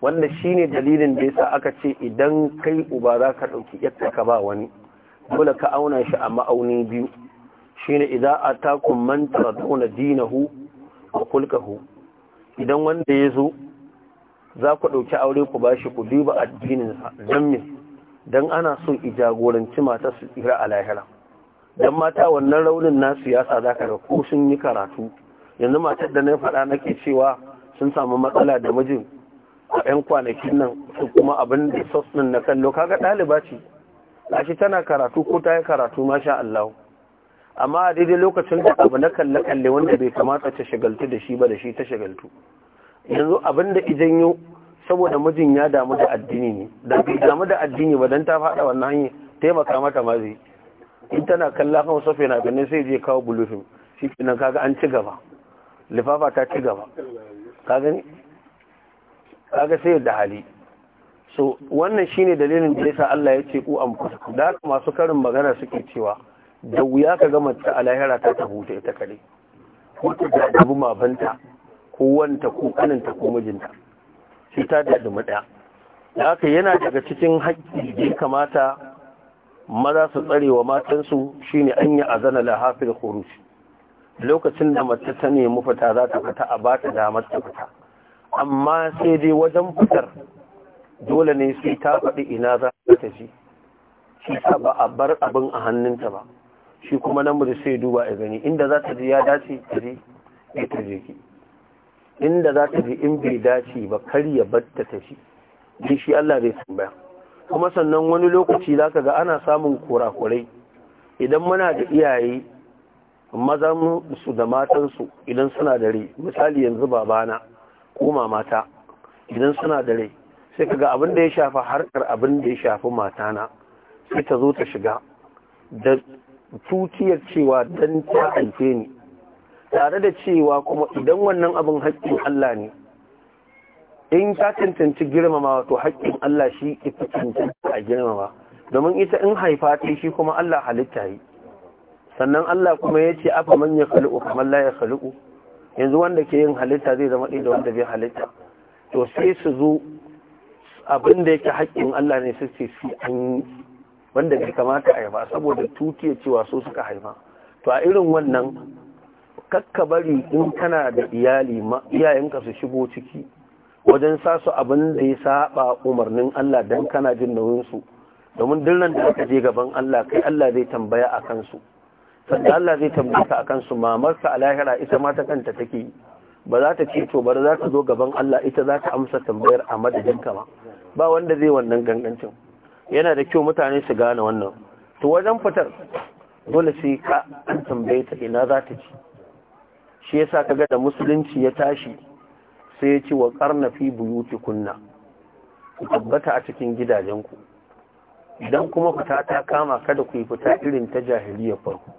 wanda shine dalilin da yasa aka ce idan kai uba za ka ɗauki yadda ka ba wani dole ka auna shi a ma'auni biyu shine idan a atakum man taraduna dinahu wa kulkahu idan wanda ya zo za ku ɗauki aure ku ba shi ku duba addininsa don me don ana so i jagoranci mata su tsira a lahira don mata wannan raunin nasu ya sa za ka ga ko sun yi karatu yanzu matar da na faɗa nake cewa sun samu matsala da mijin a 'yan kwanakin nan su kuma abin da sos na kallo kaga ɗaliba ce gashi tana karatu ko ta yi karatu masha Allah amma a daidai lokacin da abu na kalle kalle wanda bai kamata ta shagaltu da shi ba da shi ta shagaltu yanzu abin da ijanyo saboda mijin ya damu da addini ne da bai damu da addini ba don ta faɗa wannan hanyar taimaka mata ma zai in tana kalla kan safe na ganin sai je kawo bulufin shi kenan kaga an ci gaba lifafa ta ci gaba ka gani kaga sai da hali so wannan shine dalilin da yasa Allah ya ce ku amfusu da masu karin magana suke cewa da wuya ka ga mace a lahira ta ta ita kare ko ta dadabi mabanta ko wanta ko kaninta ko mijinta shi ta da daya da haka yana daga cikin haƙƙi da kamata maza su tsarewa matansu shine anya azana la hafil khuruj lokacin da mace ta nemi fita za ta fita a bata damar ta fita amma sai dai wajen fitar dole ne sai ta faɗi ina za ta ji shi ta ba a bar abin a hannunta ba shi kuma namiji sai duba ya gani inda za ta ji ya dace ta je ya ta je ki inda za ta ji in bai dace ba kar ya bar ta ta shi ji shi Allah zai tambaya kuma sannan wani lokaci za ka ga ana samun kurakurai idan muna da iyaye mazan su da matansu idan suna da misali yanzu babana ko mamata idan suna da rai sai kaga abin da ya shafa harkar abin da ya shafi matana sai ta zo ta shiga da tutiyar cewa dan ta haife ni tare da cewa kuma idan wannan abin haƙƙin Allah ne in ta cancanci girmama wato haƙƙin Allah shi ita cancanci a girmama domin ita in haifa ta shi kuma Allah halitta yi sannan Allah kuma ya ce afa man ya kamar la ya khaliqu yanzu wanda ke yin halitta zai zama ɗaya da wanda bai halitta to sai su zo abin da yake haƙƙin Allah ne su ce su an yi wanda bai kamata a haifa saboda tutiya cewa so suka haifa to a irin wannan kakka bari in kana da iyali ma iyayenka su shigo ciki wajen sa su abin da ya saba umarnin Allah dan kana jin nauyin su domin dillan da aka je gaban Allah kai Allah zai tambaya a kansu sanda Allah zai tambata akan su mamarsa a lahira ita ma ta kanta take ba za ta ce to ba za ta zo gaban Allah ita za ta amsa tambayar a madadin ka ba ba wanda zai wannan gangancin yana da kyau mutane su gane wannan to wajen fitar dole sai ka an tambaye ta ina za ta ci shi yasa ka ga da musulunci ya tashi sai ya ci wa karna fi buyuti kunna ku tabbata a cikin gidajenku idan kuma fita ta kama kada ku yi fita irin ta jahiliyar farko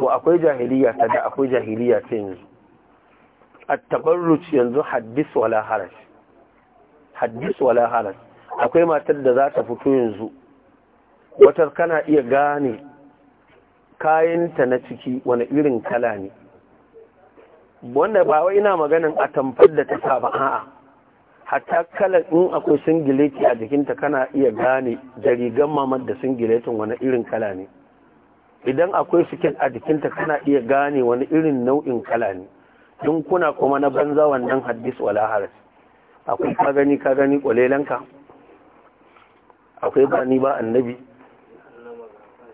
to akwai jahiliya ta da akwai jahiliya ta yanzu A tabarruc yanzu hadis wala haraj hadis wala haraj akwai matar da za ta fito yanzu Wata kana iya gane kayanta na ciki wani irin kala ne wanda ba wai ina maganin a tamfar da ta saba a'a hatta kala in akwai singileti a jikinta kana iya gane da rigar mamar da singiletin wani irin kala ne idan akwai siket a jikinta kana iya gane wani irin nau'in kala ne don kuna kuma na banza wannan haddis wala haras akwai ka gani ka gani kwalelanka akwai ba ba annabi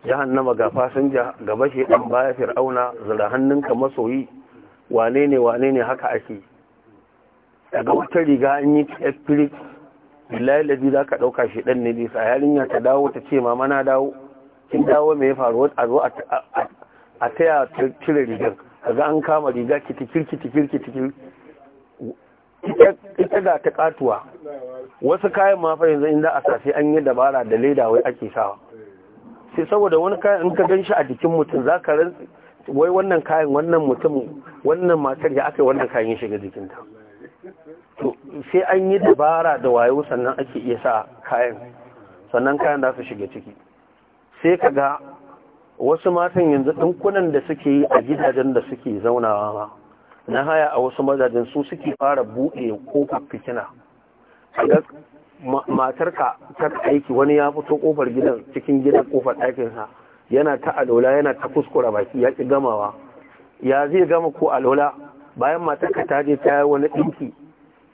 jahannama ga fasinja gaba shi dan baya fir'auna zira hannunka masoyi wane ne wane ne haka ake daga wata riga an yi efirik billahi za ka ɗauka shi ɗan ne bisa yarinya ta dawo ta ce mama na dawo in dawo mai faru a zo a taya cire rigar kaga an kama riga kitikir kitikir kitikir ita ga ta katuwa wasu kayan ma yanzu inda a sashi an yi dabara da leda wai ake sawa sai saboda wani kayan in ka gan shi a jikin mutum za ka rantsi wai wannan kayan wannan mutum wannan matar ya aka wannan kayan ya shiga jikinta to sai an yi dabara da wayo sannan ake iya sa kayan sannan kayan da su shiga ciki sai ka ga wasu matan yanzu ɗinkunan da suke yi a gidajen da suke zaunawa ma na haya a wasu mazajen su suke fara buɗe kofar fikina ga matarka ta aiki wani ya fito kofar gidan cikin gidan ƙofar ɗakinsa yana ta alola yana ta kuskura baki ya ƙi gamawa ya zai gama ko alola bayan matarka ta je ta yi wani ɗinki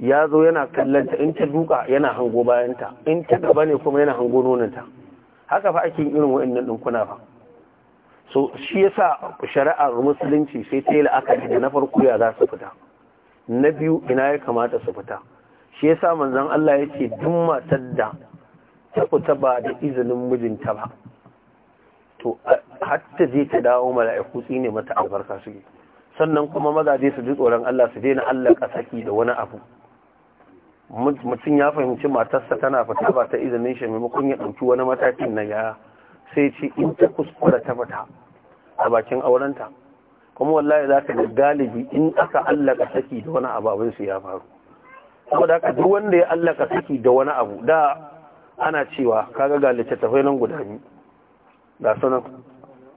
ya zo yana kallonta in ta duka yana hango bayanta in ta gaba ne kuma yana hango nonanta haka fa ake irin wa'annan dinkuna ba so shi yasa shari'ar musulunci sai ta yi la'akari da na farko ya za su fita na biyu ina ya kamata su fita shi yasa manzon Allah ya ce duk matar da ta fita ba da izinin mijinta ba to hatta zai ta dawo mala'iku ne mata albarka suke sannan kuma mazaje su ji tsoron Allah su daina Allah kasaki da wani abu mutum ya fahimci matarsa tana fita ba ta izinin shi maimakon ya ɗauki wani matakin na ya sai ce in ta kuskura ta fita a bakin aurenta kuma wallahi za ka galibi in aka allaka saki da wani abu su ya faru da haka duk wanda ya allaka saki da wani abu da ana cewa kaga ga littattafai nan guda biyu ga sunan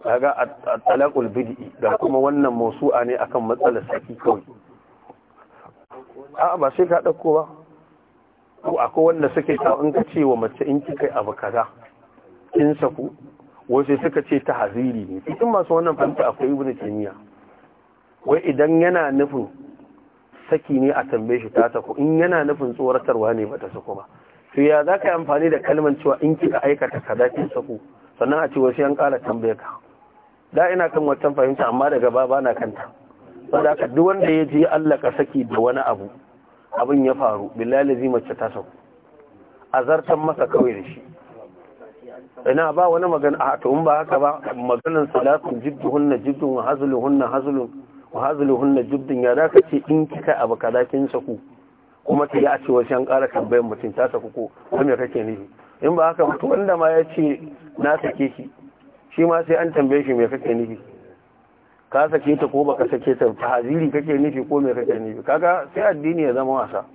kaga a bid'i da kuma wannan mawsu'a ne akan matsalar saki kawai a'a ba sai ka ɗauko ba ko akwai wanda suke ta in ka ce wa mace in kika abu kaza kin saku wasu suka ce ta haziri ne cikin masu wannan fahimta akwai ibnu taymiya wai idan yana nufin saki ne a tambaye shi ta ko in yana nufin tsoratarwa ne ba ta saku ba to ya za ka yi amfani da kalmar cewa in kika aikata kaza kin saku sannan a ce wasu yan kara tambaye ka da ina kan wancan fahimta amma daga baba na kanta saboda duk wanda ya je Allah ka saki da wani abu abin ya faru billahi zai mace ta sauku a zartan masa kawai da shi ina ba wani magana a to in ba haka ba maganan salatun hunna jiddun wa hunna hazlun wa hunna jiddun ya zaka ce in kika abu kaza kin saku kuma ta yi a ce wajen ƙara tambayar mutum ta saku ko kuma kake nufi in ba haka mutu wanda ma ya ce na sake shi shi ma sai an tambaye shi mai kake nufi ka sake ta ko baka sake ta haziri kake nufi ko me kake nufi kaga sai addini ya zama wasa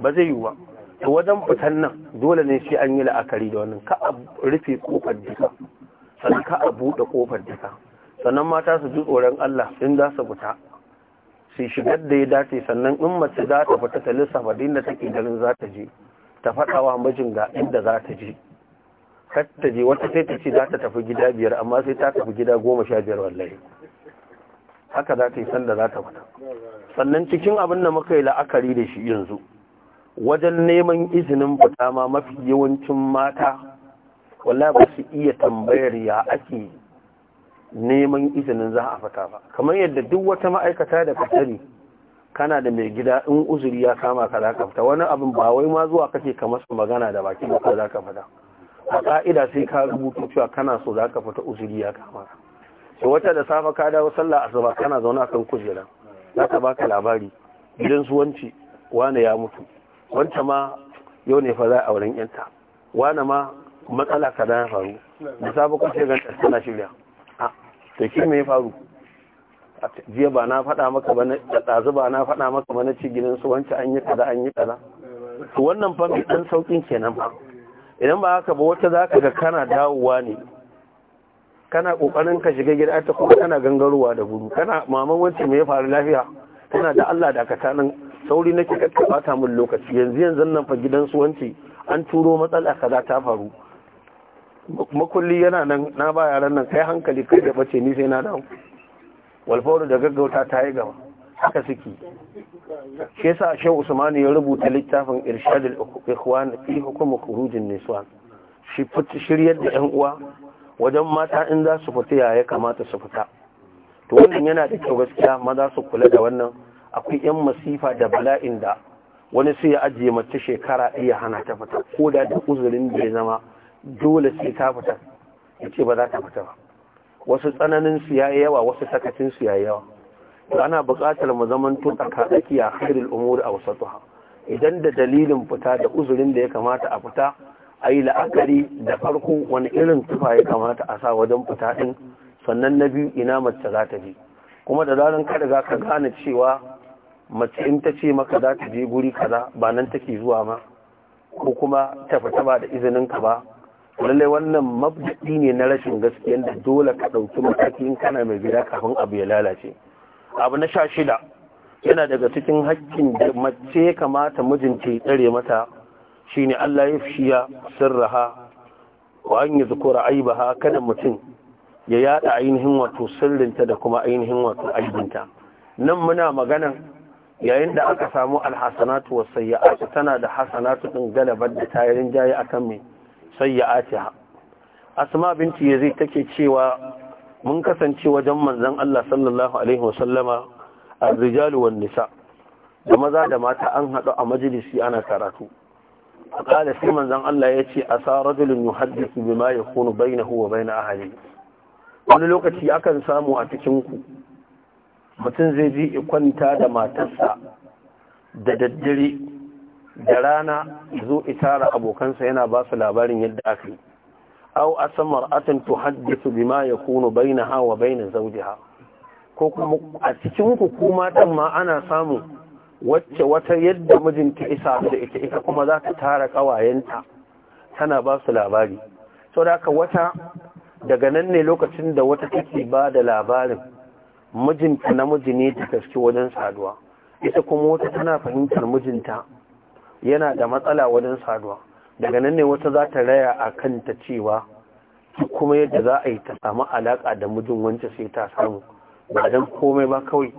ba zai yiwu ba to wajen fitan nan dole ne sai an yi la'akari da wannan ka a rufe kofar duka sannan ka a buɗe kofar duka sannan mata su ji tsoron Allah in za su fita su shigar da ya dace sannan in mace za ta fita ta lissafa dinda take garin za ta je ta faɗa wa mijin ga inda za ta je kar ta je wata sai ta ce za ta tafi gida biyar amma sai ta tafi gida goma sha biyar wallahi haka za ta yi sanda za ta fita sannan cikin abin da muka yi la'akari da shi yanzu wajen neman izinin fita ma mafi yawancin mata wallah ba su iya tambayar ya ake neman izinin za a fita ba kamar yadda duk wata ma'aikata da ka kana da mai gida in uzuri ya kama ka za ka fita wani abin ba wai ma zuwa kake ka su magana da baki ba za ka fita a ƙa'ida sai ka rubuta cewa kana so za ka fita uzuri ya kama ka to wata da safa ka dawo sallah asuba kana zauna kan kujera za ta baka labari gidan suwanci wane ya mutu wanta ma yau ne fa za a wurin yanta wane ma matsala ka ya faru da safa kwace gan tana shirya a to ki me ya faru jiya ba na faɗa maka ba na ɗazu ba na faɗa maka ba na ci gidan suwanci an yi kaza an yi kaza to wannan fa mai dan saukin kenan ba idan ba haka ba wata za ka ga kana dawowa ne kana kokarin ka shiga gida ta kuma kana gangarowa da gudu kana maman wance me ya faru lafiya tana da Allah da ka nan sauri nake kakka bata min lokaci yanzu yanzu nan fa gidan su wance an turo matsala kaza ta faru makulli yana nan na ba yaran nan kai hankali kai da bace ni sai na dawo walfauru da gaggauta ta yi gaba haka suke shi yasa shehu usmani ya rubuta littafin irshadul ikhwan fi hukum khurujin niswan shi fitu shiryar da yan uwa wajen mata in za su fita ya ya kamata su fita to wannan yana da kyau gaskiya maza su kula da wannan akwai yan masifa da bala'in da wani sai ya ajiye mace shekara ɗaya hana ta fita ko da da uzurin da ya zama dole sai ta fita ya ce ba za ta fita ba wasu tsananin su yayi yawa wasu sakacin su yayi yawa to ana buƙatar mu zaman to tsakiya khairul umuri awsatuha idan da dalilin fita da uzurin da ya kamata a fita a yi la'akari da farko wani irin tufa ya kamata a sa wajen fita ɗin sannan na biyu ina mace za ta je kuma da zarin ka riga ka gane cewa mace in ta ce maka za ta je guri kaza ba nan take zuwa ma ko kuma ta fita ba da izinin ka ba lallai wannan mabdaɗi ne na rashin gaskiya da dole ka ɗauki matakin kana mai gida kafin abu ya lalace abu na sha shida yana daga cikin haƙƙin da mace ya kamata mijinta ya tsare mata shine Allah ya fishiya sirraha wa an aiba ha kada mutum ya yada ainihin wato sirrinta da kuma ainihin wato aibinta nan muna magana yayin da aka samu alhasanatu wa sayyatu tana da hasanatu din galabar da tayarin jayi akan mai sayyi'atiha asma binti zai take cewa mun kasance wajen manzon Allah sallallahu alaihi wasallama ar-rijalu wan nisa da maza da mata an haɗu a majalisi ana karatu قال sai manzon Allah ya ce asa rajulun yuhaddithu bima yakunu bainahu wa bain ahli wani lokaci akan samu a cikin ku mutum zai ji kwanta da matarsa da daddare da rana zo itara abokansa yana ba su labarin yadda aka yi aw asamar atan tuhaddithu bima yakunu bainaha wa bain zawjiha ko kuma a cikin ku kuma ma ana samu wacce wata yadda mijinta isa da ita ita kuma za ta tara kawayenta tana ba su labari sau da aka wata daga nan ne lokacin da wata take ba da labarin mijinta namiji ne ta gaske wajen saduwa ita kuma wata tana fahimtar mijinta yana da matsala wajen saduwa daga nan ne wata za ta raya a kanta cewa kuma yadda za a yi ta samu alaƙa da mijin wancan sai ta samu ba don komai ba kawai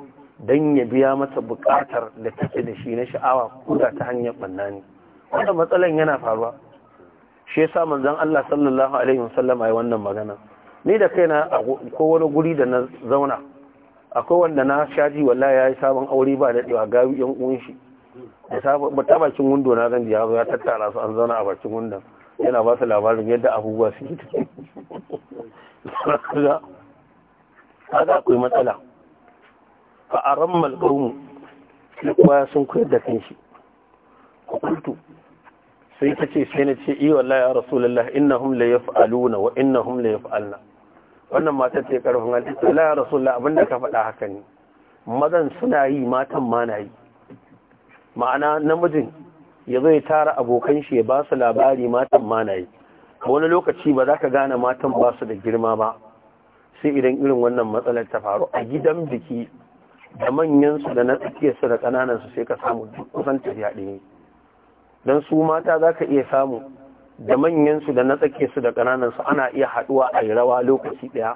don ya biya masa bukatar da take da shi na sha'awa da ta hanyar banna ne wanda matsalan yana faruwa shi yasa manzon Allah sallallahu alaihi wasallam ai wannan magana ni da kaina ko wani guri da na zauna akwai wanda na shaji ya yi sabon aure ba da dewa gawi yan uwan shi da sabon ta bakin windo na zan ya ya tattara su an zauna a bakin wanda yana ba su labarin yadda abubuwa suke kaga akwai matsala fa a rammal sai kuwa sun koyar da kanshi kultu sai ta ce sai na ce iya eh, wallahi ya rasulullah innahum la yaf'aluna wa innahum la yaf'alna wannan matar ce karfin hali wallahi ya rasulallah, abinda ka faɗa haka ne mazan suna yi matan ma na yi ma'ana namijin ya zai tara abokan shi ya ba su labari matan ma na yi wani lokaci ba za ka gane matan ba su da girma ba sai idan irin wannan matsalar ta faru a gidan biki da manyansu da na tsakiyarsu da ƙananansu sai ka samu duk kusan tafiya ɗaya don su mata za ka iya samu da manyansu da na tsakiyarsu da ƙananansu ana iya haɗuwa a yi rawa lokaci ɗaya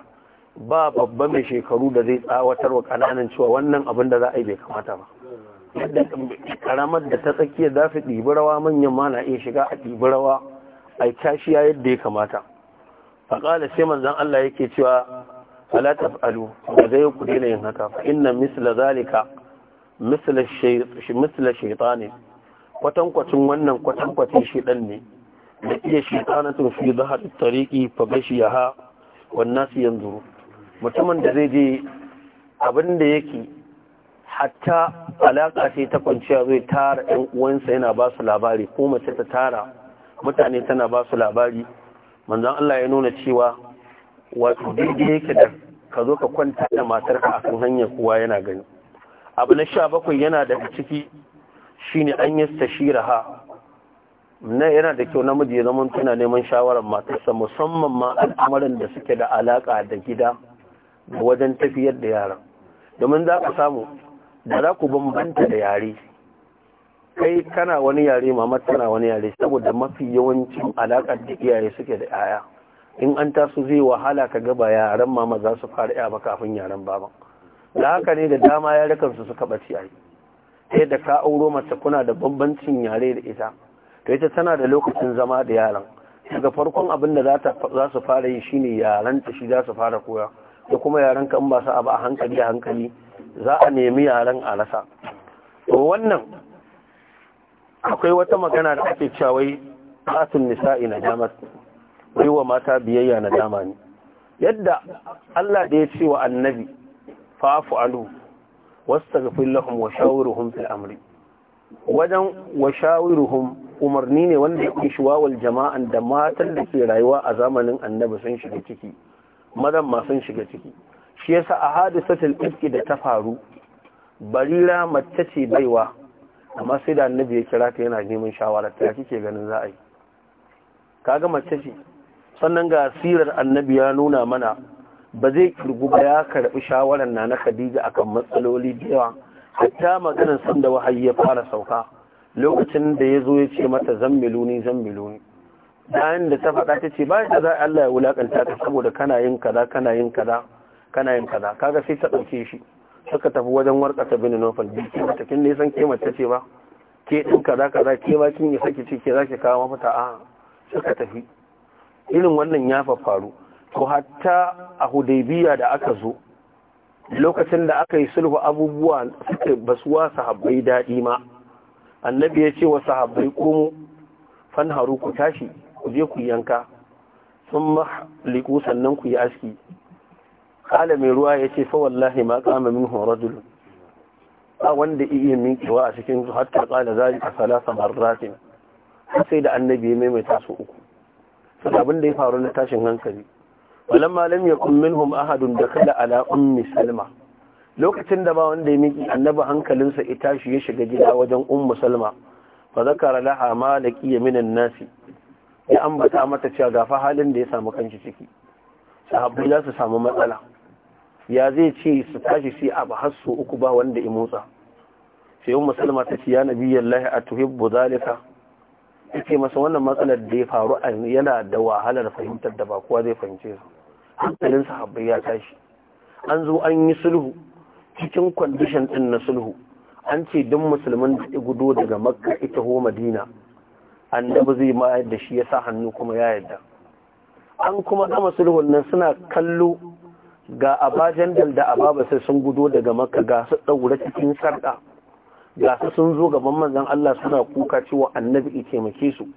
ba babba mai shekaru da zai tsawatar wa ƙananan cewa wannan abin da za a yi bai kamata ba yadda karamar da ta tsakiya za su ɗibi rawa manyan ma na iya shiga a ɗibi rawa a yi yadda ya kamata faƙala sai manzan Allah yake cewa fala taf'alu ba zai ku daina yin haka fa inna misla zalika misla misla shaytani kwatan kwatin wannan kwatan shi dan ne da iya shaytanatun fi zahar tariqi fa ha wan nas yanzuru mutumin da zai je abinda da yake hatta alaka ce ta kwanciya zai tara ɗan uwansa yana ba su labari ko mace ta tara mutane tana ba su labari manzon Allah ya nuna cewa wato daidai yake da ka zo ka kwanta da matarka a kan hanyar kowa yana gani abu na sha bakwai yana daga ciki shine an yi tashira ha na yana da kyau namiji ya zama tana neman shawarar matarsa musamman ma al'amuran da suke da alaka da gida da wajen tafiyar da yara. domin za ka samu da za ku bambanta da yare kai kana wani yare mamar tana wani yare saboda mafi yawancin alakar da iyaye suke da yaya in an taso zai wahala ka gaba yaren mama za su fara ya ba kafin yaren baba. da haka ne da dama ya yarukan su suka bace ai sai da ka auro mace kuna da bambancin yare da ita to ita tana da lokacin zama da yaran daga farkon abin da za su fara yi shine yaren ta shi za su fara koya da kuma yaran in ba su abu a hankali a hankali za a nemi yaren a rasa to wannan akwai wata magana da ake cewa wai qatul nisa'i najamat yi wa mata biyayya na dama ne yadda Allah da ya ce wa annabi fafu alu wastaghfir lahum wa shawiruhum fil amri wajen wa umarni ne wanda ya kunshi wawal jama'an da matan da ke rayuwa a zamanin annabi sun shiga ciki madan ma sun shiga ciki shi yasa a hadisatul ifki da ta faru barira mace ce baiwa amma sai da annabi ya kira ta yana neman shawara ta kike ganin za a yi kaga mace ce sannan ga sirar annabi ya nuna mana ba zai kirgu ba ya karɓi shawarar na na khadija akan matsaloli da yawa hatta maganar sanda wahayi ya fara sauka lokacin da ya zo ya ce mata zammiluni zammiluni bayan da ta faɗa ta ce bayan da za Allah ya wulaƙanta ka saboda kana yin kaza kana yin kaza kana yin kaza kaga sai ta ɗauke shi suka tafi wajen warka ta bin nufal bikin da kin nisan ke ce ba ke ɗin kaza kaza ke ba kin yi sake ce ke za ki kawo mafita a suka tafi irin wannan ya faru to hatta a hudaybiya da aka zo lokacin da aka yi sulhu abubuwa suka basuwa sahabbai daɗi ma annabi ya ce wa sahabbai komo fanharu ku tashi ku je ku yanka sun mahaliku sannan ku yi aski kala mai ruwa ya ce fawallahi ma kama min horadul a wanda iya minkewa a cikin hatta kala zai a salasa marratin sai da annabi ya maimaita su uku abin da ya faru na tashin hankali malam ya yakun minhum ahadun dakala ala ummi salma lokacin da ba wanda ya miki annabi hankalinsa ita shi ya shiga gida wajen ummu salma fa zakara laha ma ya minan nasi ya ambata mata cewa gafa halin da ya samu kanci ciki sahabbai za su samu matsala ya zai ce su tashi sai abu har hasso uku ba wanda ya motsa sai ummu salma ta ce ya nabiyallahi atuhibbu zalika yake masa wannan matsalar da ya faru a yana da wahalar fahimtar da ba kowa zai fahimce su hankalin sahabbai ya tashi an zo an yi sulhu cikin kwandishan ɗin na sulhu an ce duk musulman da ya gudo daga makka ita ho madina annabi zai ma da shi ya sa hannu kuma ya yarda an kuma gama sulhun nan suna kallo ga abajen da ababa sai sun gudo daga makka ga su ɗaura cikin sarƙa. ga su sun zo gaban manzan Allah suna kuka cewa annabi ya taimake su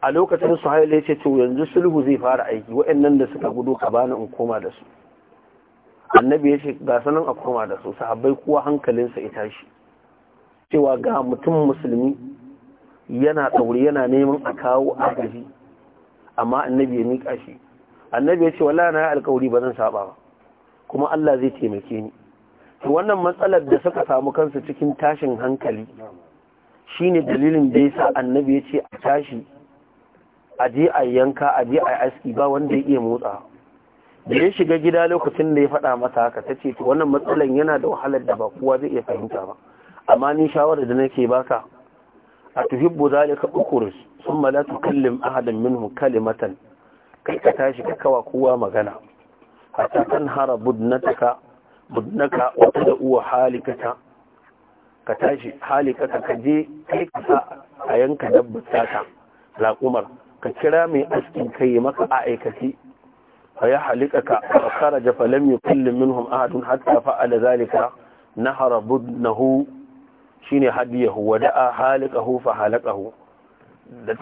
a lokacin su haile ce to yanzu sulhu zai fara aiki waɗannan da suka gudu ka bani in koma da su annabi ya ce ga sanan a koma da su sahabbai kuwa hankalinsa ita shi cewa ga mutum musulmi yana tsauri yana neman a kawo agaji amma annabi ya mika shi annabi ya ce wala na alƙawari ba zan saba ba kuma Allah zai taimake ni to wannan matsalar da suka samu kansu cikin tashin hankali shine dalilin da yasa annabi ya ce a tashi a je a yanka a je a aski ba wanda ya iya motsa da ya shiga gida lokacin da ya faɗa masa haka ta ce to wannan matsalar yana da wahalar da ba kowa zai iya fahimta ba amma ni shawarar da nake baka a tuhibbu zalika ukurus summa la tukallim ahadan minhum kalimatan kai ka tashi ka kawa kowa magana hatta tanhara budnataka mudnaka wa uwa halikata ka tashi halikata ka je kai ka sa a yanka dabbar ta laƙumar ka kira mai askin kai maka a aikaci a ya halikaka a kara fa lam kullum minhum ahadun hatta fa'ala zalika na na nahara budnahu shine hadiyahu wa da'a halikahu fa halakahu da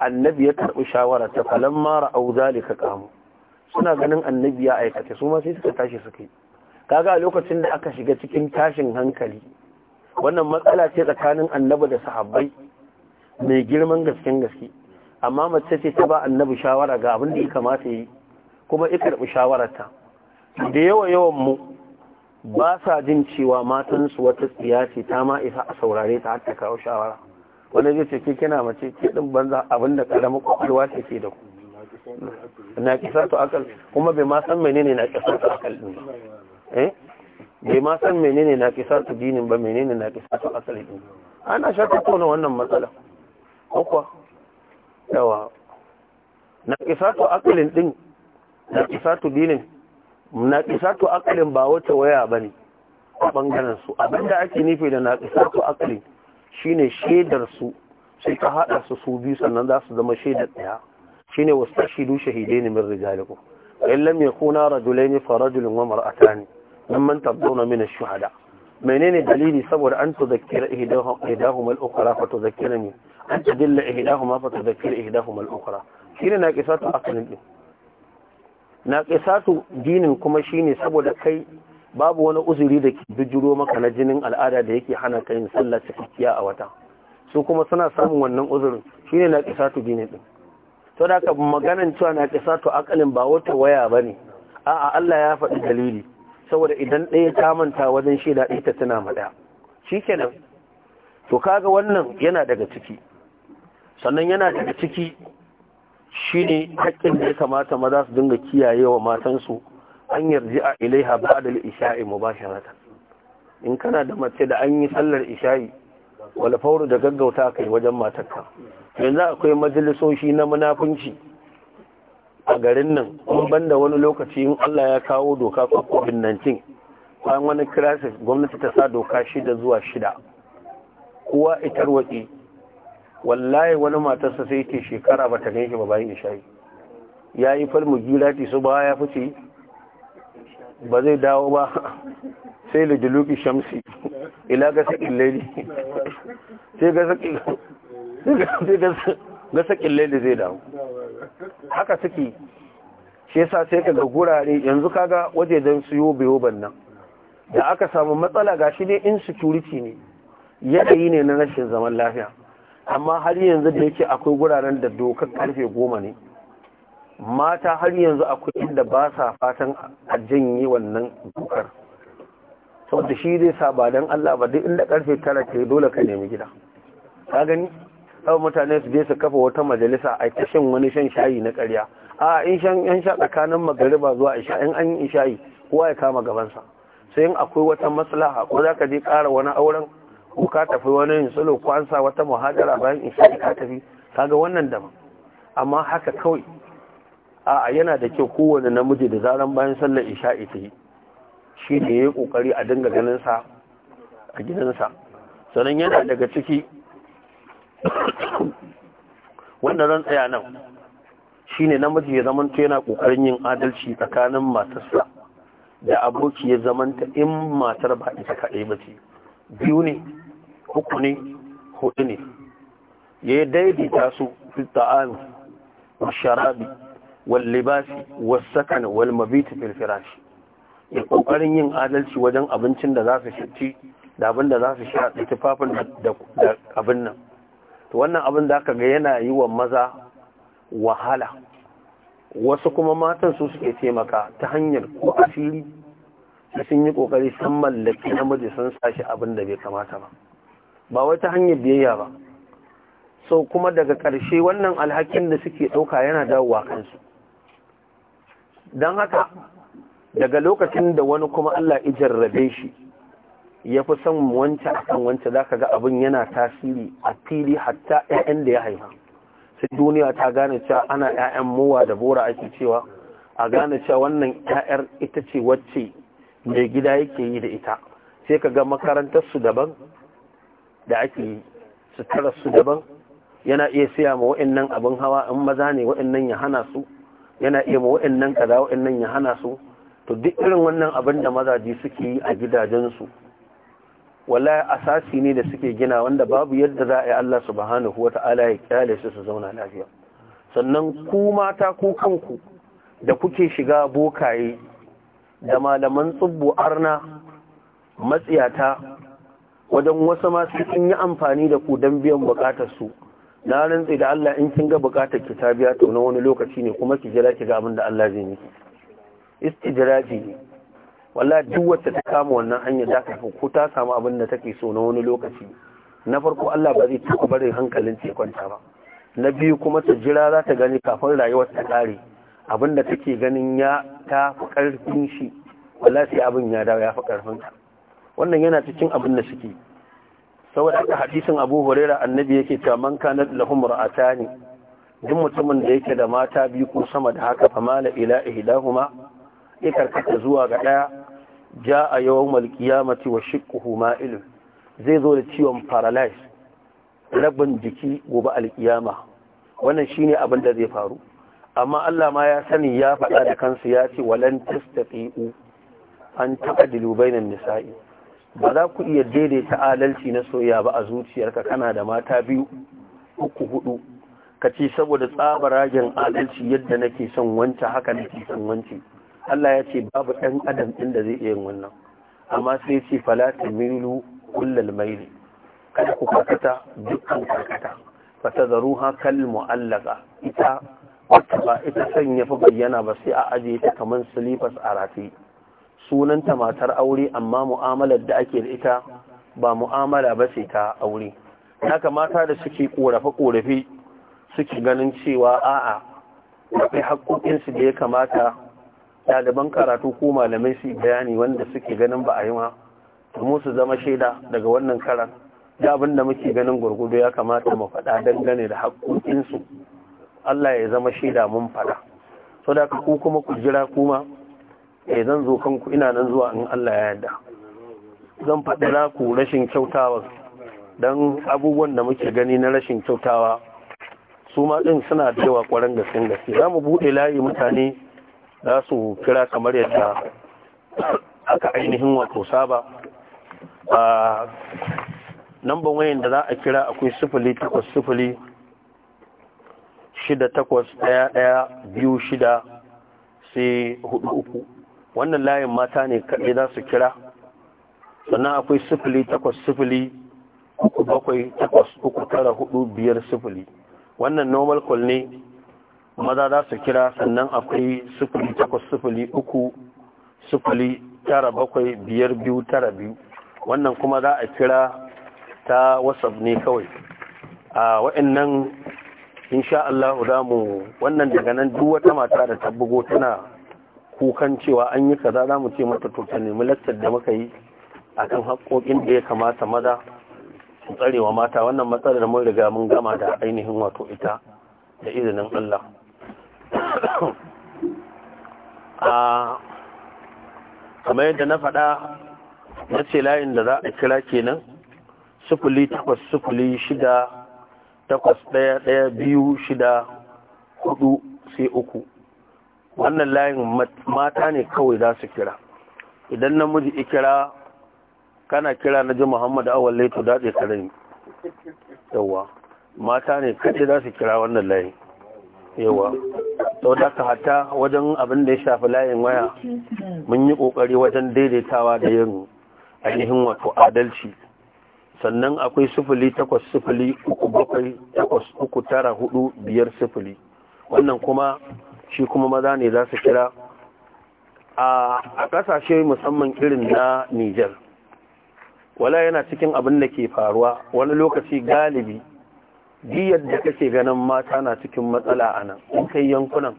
annabi ya karɓi shawara ta mara ra'au zalika ƙamu, suna ganin annabi ya aikace, su ma sai suka tashi suka kaga a lokacin da aka shiga cikin tashin hankali wannan matsala ce tsakanin annabi da sahabbai mai girman gasken gaske amma mace ce ta ba annabi shawara ga abin da ya kamata yi kuma ya karɓi shawararta da yawa yawan mu ba sa jin cewa matansu wata tsiya ce ta ma isa a saurare ta har ta kawo shawara wani zai ce kina mace ke din banza abin da karamin kwakwalwa ce ke da ku na kisar to akal kuma bai masan menene na kisar to akal din ba eh ma san menene na kisa su dinin ba menene na kisa su asali din ana sha tona wannan matsala akwa yawa na kisa su akalin din na kisa su dinin na kisa su akalin ba wata waya bane a bangaren su abinda ake nufi da na kisa su akalin shine shaidar su sai ka hada su su biyu sannan za su zama shaidar daya shine shidu shahidaini min rijalikum illam yakuna rajulaini rajulun wa mar'atani nan man zauna min shuhada menene dalili saboda an tuzakkira ihdahuma al-ukhra fa tuzakkirani an tadilla ihdahuma fa tuzakkira ihdahuma al-ukhra shine na kisatu akalin din na kisatu dinin kuma shine saboda kai babu wani uzuri da ke bijiro maka na jinin al'ada da yake hana ka yin sallah cikakkiya a wata su kuma suna samun wannan uzurin shine na kisatu dinin din to da ka maganan cewa na kisatu akalin ba wata waya bane a'a Allah ya faɗi dalili saboda idan ɗaya ta manta wajen shaida ɗaya ta tuna ma ɗaya to kaga wannan yana daga ciki sannan yana daga ciki shine haƙƙin da ya kamata maza su dinga kiyaye wa matansu an yarji a ilaiha ba'dal isha'i mubasharatan in kana da mace da an yi sallar isha'i wala fauru da gaggauta kai wajen matarka yanzu akwai majalisoshi na munafunci a garin nan ban banda wani lokaci in Allah ya kawo doka ko COVID-19 bayan wani crisis gwamnati ta sa doka shida zuwa shida kowa itar waki wallahi wani matarsa sai ce shekara ba ta ganshi ba bayan isha'i ya yi falmu girati su ba ya fice ba zai dawo ba sai jiluki shamsi ila ga sakin lady sai ga sai Na sakin laili zai dawo haka suke shi yasa sai ga gurare yanzu kaga waje su siyo biyo nan da aka samu matsala gashi ne insecurity ne yanayi ne na rashin zaman lafiya amma har yanzu da yake akwai guraren da dokar karfe goma ne mata har yanzu akwai inda ba sa fatan a janye wannan dokar saboda shi zai sa ba don Allah ba duk inda karfe tara ke dole ka nemi gida ka gani kawai mutane su je su kafa wata majalisa a ta shan wani shan shayi na ƙarya a in shan yan sha tsakanin magariba zuwa isha in an yi shayi kowa ya kama gabansa sai in akwai wata maslaha ko za ka je ƙara wani auren ko ka tafi wani yin salo ko an sa wata muhajara bayan isha ka tafi kaga wannan daban amma haka kawai a yana da kyau kowane namiji da zaran bayan sallar isha ita yi shi ne ya yi ƙoƙari a dinga ganin sa a gidansa sannan yana daga ciki wanda zan tsaya nan Shi shine namiji ya zamanta yana kokarin yin adalci tsakanin matarsa da aboki ya zamanta in matar ba ita kaɗai ba ce biyu ne uku ne hudu ne ya yi daidaita su fi ta'ami wa sharabi wal libasi wa sakan wal mabita fil ya kokarin yin adalci wajen abincin da za su ci da abin da za su sha da tufafin da abin nan to wannan abin da aka ga yana yi wa maza wahala wasu kuma matan su suke taimaka ta hanyar ko asiri da sun yi kokari sun mallaki namiji sun sashi abin da bai kamata ba ba wai ta hanyar biyayya ba so kuma daga ƙarshe wannan alhakin da suke ɗauka yana dawowa kansu don haka daga lokacin da wani kuma Allah rabe shi ya fi son wancan kan wance za ka ga abin yana tasiri a fili hatta 'ya'yan da ya haifa sai duniya ta gane cewa ana 'ya'yan mowa da bora ake cewa a gane cewa wannan 'ya'yar ita ce wacce mai gida yake yi da ita sai ka ga makarantarsu daban da ake yi su daban yana iya siya ma wa'annan abin hawa in maza ne wa'annan ya hana su yana iya ma wa'annan kaza wa'annan ya hana su to duk irin wannan abin da mazaji suke yi a gidajensu wala asasi ne da suke gina wanda babu yadda za a yi Allah subhanahu wata'ala ya kyale su su zauna lafiya sannan ku mata ku kanku da kuke shiga bokaye da malaman tsubbu arna matsiyata wajen wasu ma sun yi amfani da ku don biyan bukatar su na rantsi da Allah in kin ga bukatar ki ta biya to na wani lokaci ne kuma ki jira ki ga abin da Allah zai miki istijraji wallahi duk wacce ta kama wannan hanya za ka ko ta samu abin da take so na wani lokaci na farko Allah ba zai taɓa barin hankalin ce kwanta ba na biyu kuma ta jira za ta gani kafin rayuwar ta kare abin da take ganin ya ta fi ƙarfin shi wallahi sai abin ya dawo ya fi ƙarfin ta wannan yana cikin abin da suke saboda haka hadisin Abu Huraira annabi yake cewa man kana lahum ra'atani duk mutumin da yake da mata biyu ko sama da haka fa mala ila ihdahuma ya karkata zuwa ga daya ja'a yawmal qiyamati wa shiqquhu ma'il zai zo da ciwon paralyze rabin jiki gobe alkiyama wannan shine abin da zai faru amma Allah ma ya sani ya faɗa da kansu ya ce walan tastati'u an ta'dilu bainan nisa'i ba za ku iya daidaita adalci na soyayya ba a zuciyarka kana da mata biyu uku hudu ka ce saboda tsabaragen adalci yadda nake son wance haka nake son wance Allah ya ce babu ɗan adam ɗin da zai iya yin wannan amma sai ce fala milu kullal maili kada ku karkata dukkan karkata fa ha kal mu'allaqa ita wata ba ita ya fi bayyana ba sai a ajiye ta kamar silifas a rataye sunanta matar aure amma mu'amalar da ake da ita ba mu'amala ba sai ta aure haka mata da suke ƙorafe korafe suke ganin cewa a'a akwai haƙoƙinsu da ya kamata ɗaliban karatu ko malamai su bayani wanda suke ganin ba a yi ma mu su zama shaida daga wannan karan da abin da muke ganin gurgudu ya kamata mu faɗa dangane da haƙƙoƙinsu Allah ya zama shaida mun faɗa so da ku kuma ku jira kuma eh zan zo kanku ina nan zuwa in Allah ya yarda zan faɗi la ku rashin kyautawa dan abubuwan da muke gani na rashin kyautawa su ma din suna da yawa ƙwarar gaske gaske za mu buɗe layi mutane za su kira kamar yadda aka ainihin wato saba a namban wayan da za a kira akwai sifili takwas sifili shida takwas ɗaya ɗaya biyu shida sai hudu uku wannan layin mata ne kaɗai za su kira sannan akwai sifili takwas sifili uku bakwai takwas uku tara hudu biyar sifili wannan normal call ne maza za su kira sannan akwai sufuli takwas sufuli uku sufuli tara bakwai biyar biyu tara biyu wannan kuma za a kira ta whatsapp ne kawai a wa'annan insha Allah za mu wannan daga nan duk wata mata da ta bugo tana kukan cewa an yi kaza za mu ce mata to ta nemi lattar da muka yi akan haƙoƙin da ya kamata maza su tsarewa mata wannan matsalar mun riga mun gama da ainihin wato ita da izinin Allah Ah, kamar yadda na faɗa na ce layin da za a kira kenan sufuli takwas sufuli shida takwas ɗaya ɗaya biyu shida hudu sai uku wannan layin mata ne kawai za su kira idan namiji ikira kana kira na ji muhammadu awon laito daɗe karami yawa mata ne kaɗe za su kira wannan layin yawa sau da ka hata wajen abin da ya shafi layin waya mun yi kokari wajen daidaitawa da yin ainihin wato adalci sannan akwai sufuli takwas sufuli uku bakwai takwas uku tara hudu biyar sufuli wannan kuma shi kuma maza ne za su kira a kasashe musamman irin na nijar wala yana cikin abin da ke faruwa wani lokaci galibi diyar da kake ganin mata na cikin matsala a nan in kai yankunan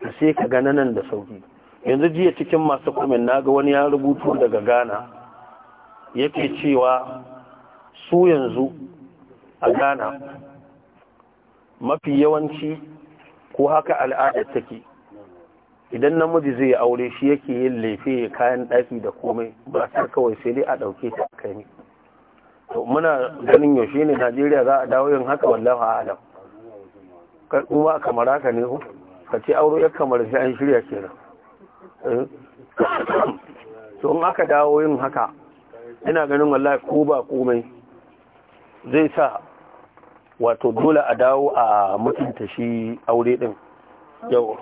ka sai ka gana nan da sauki yanzu jiya cikin masu komen na ga wani ya rubutu daga ghana yake cewa su yanzu a ghana mafi yawanci ko haka al'adar take idan namiji zai aure shi yake yin lefe kayan ɗaki da komai ba kawai sai dai a ɗauke ta kai ne to muna ganin yaushe ne najeriya za a dawo yin haka wallafa adam kuma kamar haka ne ka ce auro ya kamar shi an shirya nan eh. to in aka dawo yin haka ina ganin wallahi ko ba komai zai sa wato dole a dawo a mutunta shi aure din yau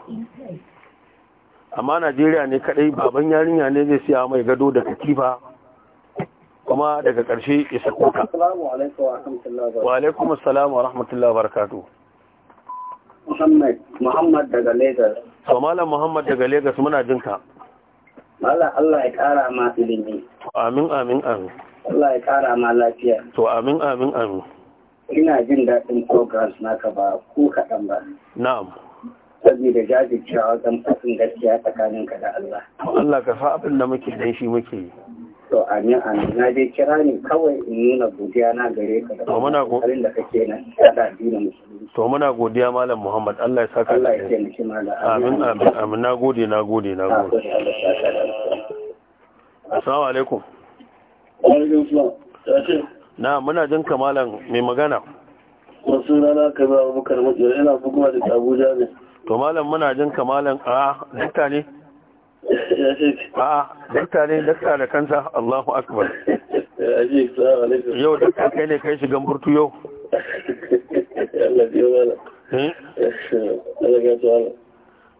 amma najeriya ne kadai baban yarinya ne zai siya mai gado da katifa kuma daga ƙarshe ya koka. wa alaikum assalamu wa rahmatullahi wa barakatu. Muhammad daga Lagos So, malam Muhammad daga Lagos muna jin ka Allah Allah ya ƙara ma ilimi amin amin amin Allah ya ƙara ma lafiya to amin amin amin ina jin daɗin programs naka ba ku kaɗan ba na'am da jajircewa zan fasin gaskiya tsakaninka da Allah Allah ka sa abin da muke dan shi muke yi To amin amin na dai kira ni kawai in nuna godiya na gare ka da kokarin da kake na da addinin musulunci. To muna godiya malam Muhammad Allah ya saka Allah ya taimaki malam. Amin amin amin na gode na gode na gode. Assalamu alaikum. Wa alaikum salam. Na muna jin kamalan mai magana. Wasu rana ka za a bukar mutuwa ina buguwa da Abuja ne. To malam muna jin kamalan a ah, dukka ne? a mutane ne dakta da kansa Allahu akbar yau dakta kai ne kai shigan burtu yau hmm?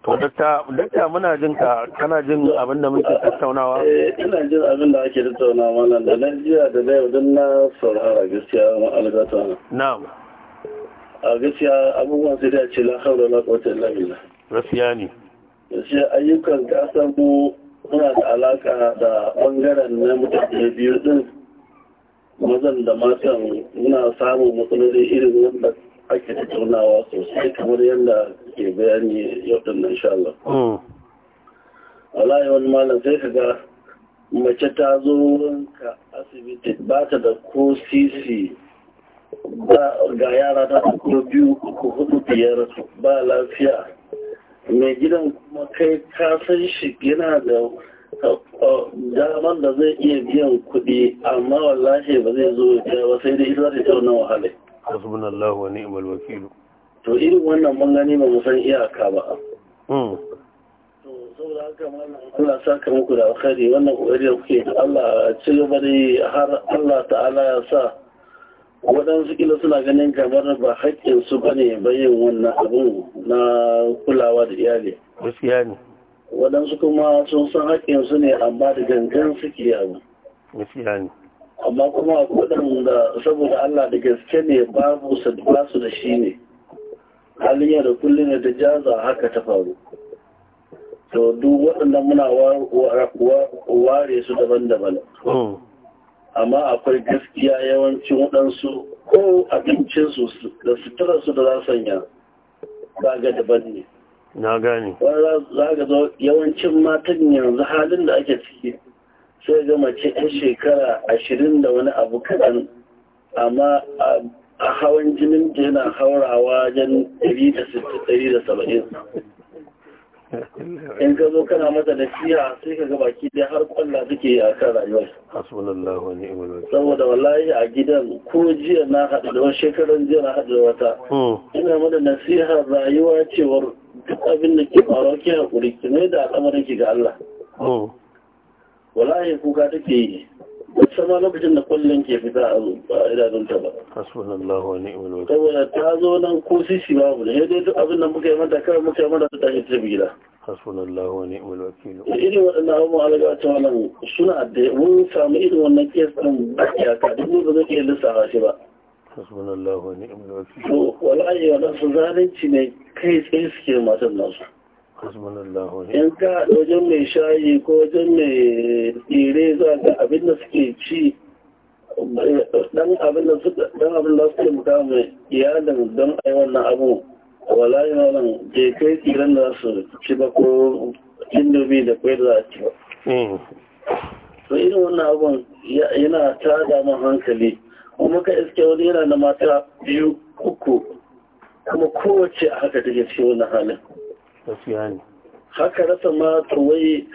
to dakta dakta muna jin ka kana jin abin da muke tattaunawa Eh ina jin abin da ake tattaunawa nan da nan jiya da yau don na saurara gaskiya ma algata na'am a gaskiya abubuwan sai da ce la haula la quwwata illa billah gaskiya ne shi ayyukan ka mu suna da alaka da bangaren na mutane biyu din mazan da matan muna samun matsaloli irin wanda ake tattaunawa sosai kamar yadda ke bayani yau din nan sha Allah. Hmm. wani malam sai ka ga mace ta zo wanka asibiti ba ta da ko sisi ga yara ta ko biyu ko hudu biyar ba lafiya mai gidan kuma kai ka san shi yana da damar da zai iya biyan kuɗi amma wallahi ba zai zo ya ba sai dai isa da tauna wahalai hasbunallahu wa ni'mal wakil to irin wannan mun ba mu san iyaka ba hmm. to saboda haka mallam Allah saka muku da alkhairi wannan kokari da kuke Allah ci gaba da har Allah ta'ala ya sa waɗansu kila suna ganin kamar ba haƙƙinsu ba ne bayan wannan abin na kulawa da iyali gaskiya ne waɗansu kuma sun san haƙƙinsu ne amma da gangan suke yawo. gaskiya ne amma kuma waɗanda saboda Allah da gaske ne babu su da shi ne halin yau da kullum da jaza haka ta faru to duk waɗannan muna ware su daban-daban hmm. amma akwai gaskiya yawancin waɗansu ko abincinsu da suturarsu da za sanya zaga daban ne na gane ga zo yawancin matan yanzu halin da ake ciki sai ga mace yan shekara ashirin da wani abu kaɗan amma a hawan jinin yana haurawa wajen 160 in ka zo kana masa da siya sai ka ga baki dai har kwalla suke a kan rayuwar saboda wallahi a gidan ko jiya na haɗu da wani shekaran jiya na haɗu da wata hmm. ina mana nasiha rayuwa cewar duk abin da ke faruwa ke haƙuri ki mai da al'amarin ki ga Allah hmm. wallahi kuka take yi wacce lokacin da kullum ke fita a idanunta ba. Hasbunallahu wa ni'mal wakil. Saboda ta zo nan ko sisi babu ne dai duk abin da muka yi mata kawai muka yi mata ta tashi ta gida. Hasbunallahu wa ni'mal wakil. Irin waɗannan abubuwan alaga ta wannan suna da mun samu irin wannan kes ɗin iyaka duk mun ba zai iya lissafa shi ba. Hasbunallahu wa ni'mal wakil. To wallahi wannan su zalunci ne kai tsaye suke matan nasu. in ka wajen mai shayi ko wajen mai tsire za ga abin da suke ci dan abin da suka dan suke muka mai iyalin don a yi wannan abu wala yi wannan je kai tsiren da su ci ba ko indomi da kwai da za a ci ba hmm. to irin wannan abun yana ta damun hankali kuma ka iske wani yana da mata biyu uku kuma kowace a haka take cikin wannan halin gaskiya ne haka rasa ma wai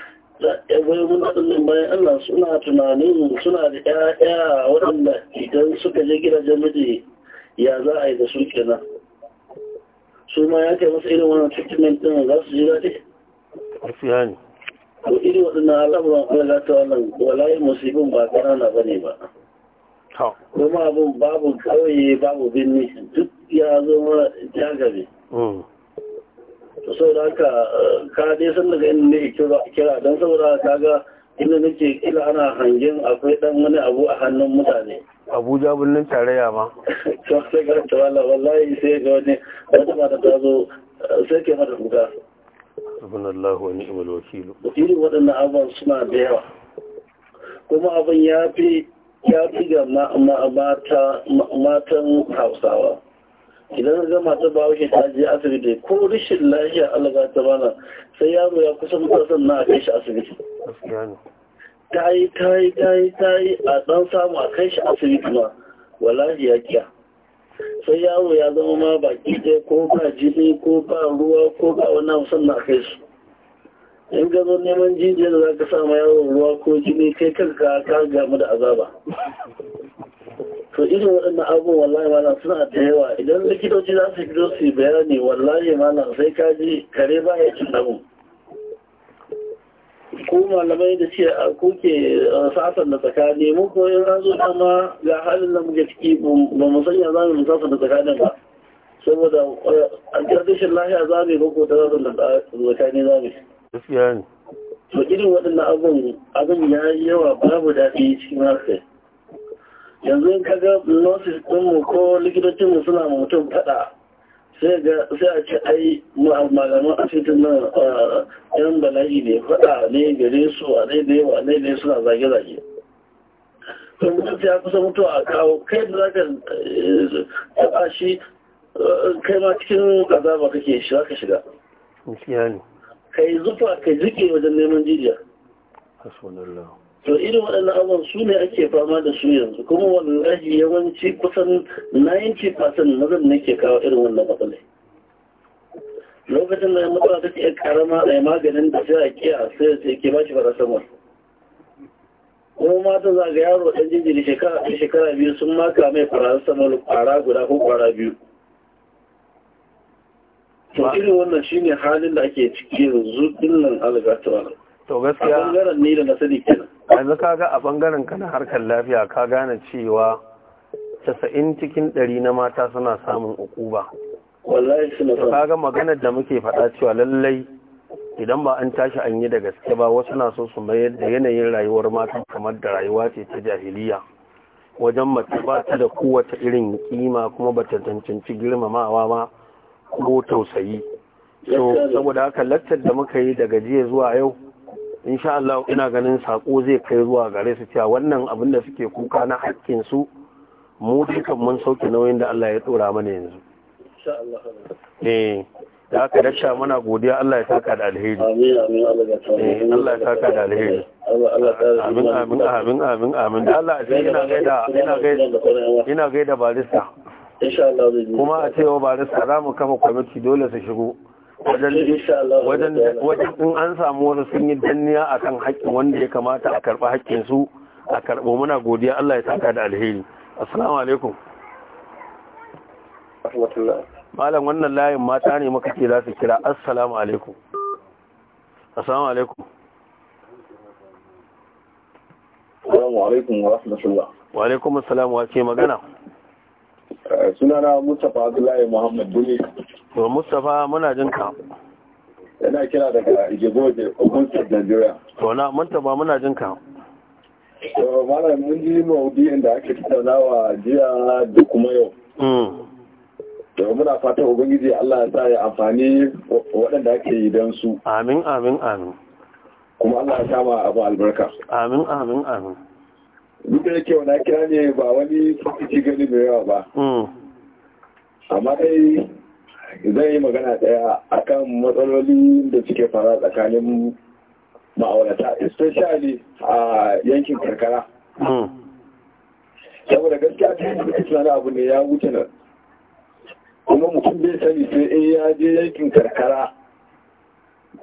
eh, wai mun nan bayan Allah suna tunanin suna da ƴaƴa waɗanda idan suka je gidajen miji ya za a yi da su kenan su ma ya kai masa irin wannan treatment ɗin za su ji daɗi gaskiya ne to irin waɗannan al'amuran kuma za ta wannan walayi musibin ba ƙanana ba ne ba kuma abin babu kawai babu birni duk ya zo mara jagabe mm. to saboda haka eh, ka dai san daga inda ne kira don saboda ka ga inda nake kila ana hangen akwai dan wani abu a hannun mutane abuja birnin tarayya ma to sai ga ta wala wallahi sai ga wani wata mata ta zo eh, sai ke mata kuka subhanallahu wa ni'mal wakil irin waɗannan abubuwan suna da yawa kuma abin ya fi ya fi ga matan hausawa idan ga mata ba shi ta je asibiti ko rashin lafiya Allah za ta bana sai yaro ya kusa mutuwa sannan a kai shi asibiti ta yi ta yi ta yi ta yi a dan samu a kai shi asibiti ma wallahi ya kiya sai yaro ya zama ma baki ɗaya ko ba jini ko ba ruwa ko ba wani abu sannan a kai su in ga zo neman jijiyar da za ka sa ma yaro ruwa ko jini kai kanka ka gamu da azaba to irin waɗannan abubuwan wallahi malam suna da yawa idan likitoci za su fito su bayani wallahi malam sai ka ji kare ba ya cin abu ko malamai da ce a kuke satan da tsakani mu ko in dama ga halin da muke ciki ba mu sanya za mu satan da tsakanin ba saboda a ƙarƙashin lahiya za mu yi ko ta razo da tsakani za mu yi. To irin waɗannan abin abin ya yi yawa babu daɗi cikin harkar. yanzu ka ga nurses mu ko likitocinmu suna mutum faɗa sai a ce ai maganin asibitin na yan balaji ne faɗa ne gare su a daidai wa daidai suna zage-zage kan mutum ya kusa mutuwa a kawo kai da zaka eh, taba shi eh, kai ma cikin azaba kake shi zaka shiga kai zufa kai zuke wajen neman jijiya to irin waɗannan abubuwan su ne ake fama da su yanzu kuma wallahi yawanci kusan 90% mazan ne ke kawo irin wannan matsalai lokacin da ya mutuwa ta ke karama a maganin da sai a kiya sai sai ke ba shi fara paracetamol kuma mata za ga yaro ɗan jinjiri shekara shekara biyu sun maka mai paracetamol kwara guda ko kwara biyu to irin wannan shine halin da ake ciki yanzu nan algatuwa to gaskiya a bangaren ne da na sani kenan yanzu kaga a bangaren ka na harkar lafiya ka gane cewa casa'in cikin ɗari na mata suna samun ukuba Ka ga maganar da muke faɗa cewa lallai idan ba an tashi an yi da gaske ba wasu na so su mayar da yanayin rayuwar mata kamar da rayuwa ce ta jahiliya wajen mace ba ta da kowace irin kima kuma ba ta cancanci girmamawa ma ko tausayi so saboda haka lattar da muka yi daga jiya zuwa yau insha Allah ina ganin sako zai kai zuwa gare su cewa wannan abin da suke kuka na hakkin su mu dukan mun sauke nauyin da Allah ya tsora mana yanzu insha Allah eh da aka mana godiya Allah ya saka da alheri amin amin Allah ya saka da eh, alheri amin amin amin amin amin da Allah ya ina gaida ina gaida ina gaida barista insha Allah kuma a cewa barista za mu kama kwamiti dole su shigo wajen in an samu wasu sun yi danniya kan haƙƙin wanda ya kamata a karɓi haƙƙinsu a karɓo muna godiya Allah ya saka da alheri assalamu alaikum malam wannan layin mata ne maka ce za su kira assalamu alaikum assalamu alaikum assalamu alaikum wa rahmatullah wa alaikum assalam wa ce magana sunana mustapha abdullahi muhammad duni to mustapha muna jin ka yana kira daga igbo da ogun nigeria to na mustapha muna jin ka to malam mun ji maudu'in da ake tattaunawa jiya da kuma yau mm. to muna fatan ubangiji Allah ya sa ya amfani waɗanda ake yi don su amin amin amin kuma Allah ya kama abu albarka amin amin amin duk da yake wani kira ne ba wani ci gani mai yawa ba hmm. amma dai zai yi magana daya akan matsaloli da suke fara tsakanin ma'aurata especially a yankin karkara hmm. saboda gaskiya ta yi da tunanin abu ne ya wuce nan kuma mutum bai sani sai in ya je yankin karkara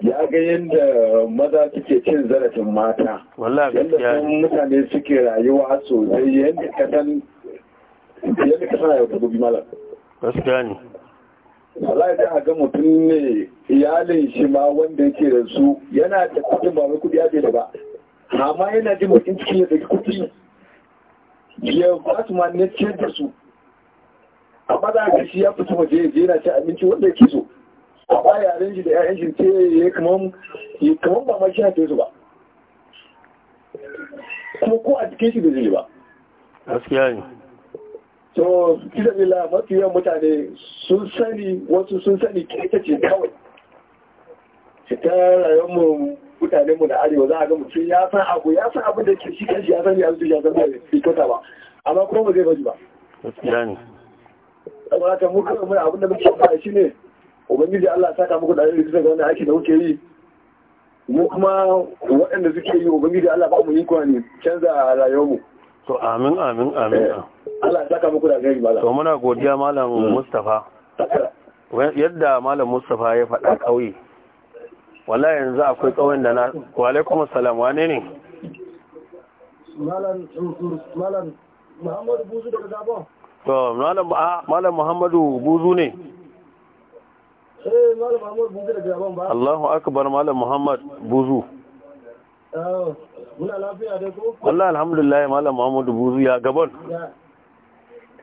ya ga yadda maza suke cin zarafin mata yadda mutane suke rayuwa sosai yadda kasan yadda kasan ya kudu bi malar gaskiya ne wallahi ya ga mutum ne iyalin shi ma wanda yake da su yana da kudin ba wai kudi ya da ba amma yana jin mutum cikin ya ɗauki kudi ya ba su ma ne ciyar da su amma za a ga shi ya fito waje yana ci abinci wanda yake so amma yaren shi da ƴaƴan shi ke ya kaman ba ma shi haife su ba kuma ko a cikin shi da zai ba gaskiya ne so kisa bila mafi yawan mutane sun sani wasu sun sani kirkita ce kawai shi ta rayuwar mu mutane mu da arewa za a ga mutum ya san abu ya san abin da ke shi kanshi ya san ya zuci ya san da fitota ba amma kuma ba zai baji ba gaskiya ne saboda kan mu kawai mun abin da muke fara shi ne ubangiji Allah saka muku da alheri daga wannan aiki da kuke yi mu kuma waɗanda suke yi ubangiji Allah ba mu yi kwani canza rayuwarmu to amin amin amin eh, Allah saka muku da alheri bala to muna godiya malam hmm. Mustafa yadda malam Mustafa ya faɗa kauye wallahi yanzu akwai kauyen da na wa alaikum assalam wane ne malam malam Muhammadu Buzu daga Gabon to malam ah, Muhammadu Buzu ne Eh, Allahu akbar Malam Muhammad Buzu. Oh, muna lafiya dai ko? Allah alhamdulillah Malam Muhammadu Buzu ya gabon.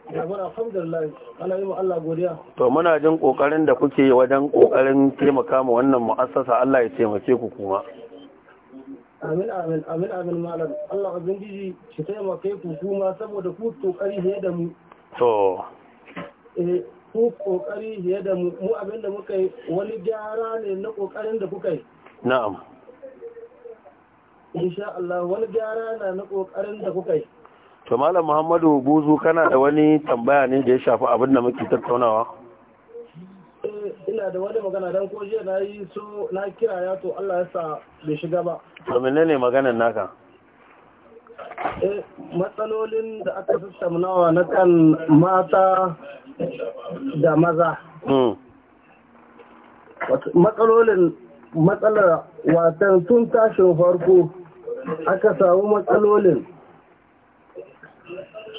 Gabon alhamdulillah yi Allah godiya. To muna jin kokarin da kuke wajen kokarin taimaka ma wannan mu'assasa Allah ya taimake ku kuma. Amin amin amin amin malam Allah ubangiji shi taimake ku kuma saboda ku kokari ne da mu. To. Eh ku kokari fiye da mu abinda muka yi wani gyara ne na kokarin da kuka yi na'am insha Allah wani gyara na na kokarin da kuka yi to malam Muhammadu Buzu kana da wani tambaya ne da ya shafi abin da muke tattaunawa eh, ina da wani magana don ko jiya na yi so na kira ya to Allah ya sa bai shiga ba to menene maganar naka eh, matsalolin da aka tattaunawa na kan mata da maza hmm. matsalolin matsalar watan tun tashin farko aka samu matsalolin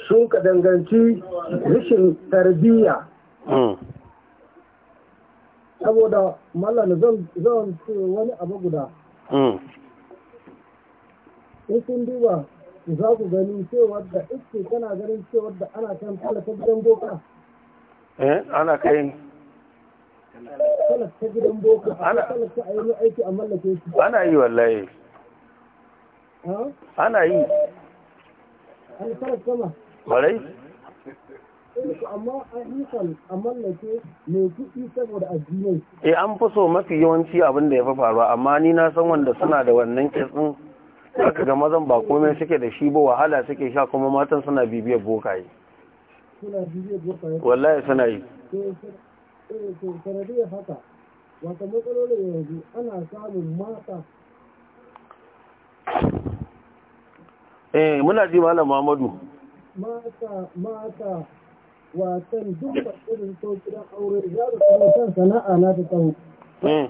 sun ka danganci rishin tarbiyya hmm. saboda mallan zan ce wani abu guda hmm. in sun duba za ku gani cewar da iske tana ganin cewar da ana kan kala boka eh ana kai ana yi wallahi ana yi ƙwarai e eh, an fi so mafi yawanci abinda ya fi faruwa amma ni na san wanda suna da wannan kitsin aka ga mazan ba komai suke da shi ba wahala suke sha kuma matan suna bibiyar bokaye wallahi suna yi eh, eh, sanadiyar haka wata matsalolin yanzu ana samun mata eh muna ji malam Muhammadu mata mata watan dukkan irin to gidan aure ya da kuma san sana'a na ta tsawo eh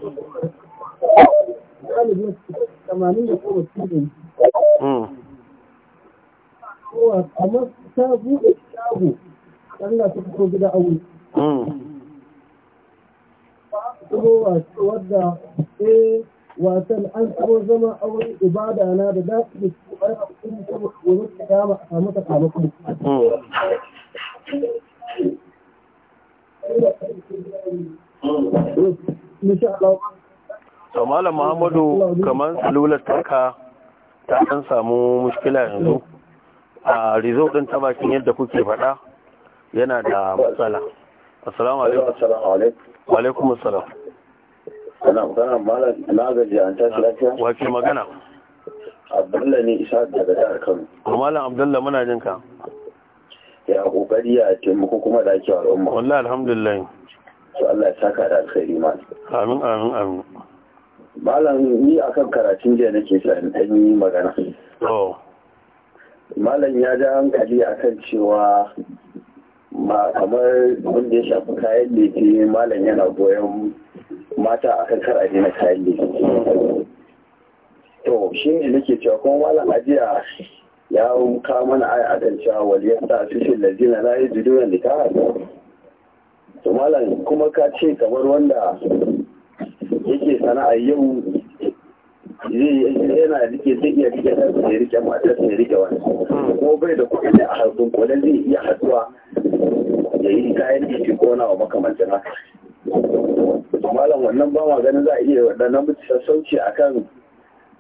galibin ɗin. cikin hmm. amma ta buɗe shago Allah ta fito gida aure. Hmm. Kuma da eh watan an tsaro zama aure ibada na da za su ƙwai a cikin saboda su kiyama a samu kuɗi. Hmm. to malam muhammadu kamar salular taka ta an samu mushkila yanzu a result din ta bakin yadda kuke faɗa yana da matsala assalamu alaikum wa alaikum assalam ana magana malam na gaji an tashi lafiya ke magana abdullahi ne isa daga jihar kano malam abdullahi muna jin ka ya kokari ya taimako kuma da ake al'umma wallahi alhamdulillah to Allah ya saka da alkhairi ma amin amin amin malam ni akan karatun jiya nake in dan yi magana oh malam ya ja hankali akan cewa ba kamar abin da ya shafi kayan leke malam yana goyon mata a kan kar na kayan leke to shi ne nake cewa kuma malam ajiya ya kawo mana aya adan cewa waliyar ta fi shi na yi jiduwa da ta to malam kuma ka ce kamar wanda yake sana'a yau yana rike zai iya rike ɗansa ya rike matarsa ya rike wani ko bai da kuɗi a harkun kwanan zai iya haduwa? da kayan jiki ko na makamancin haka malam wannan ba maganin za a iya waɗannan mutu sauci akan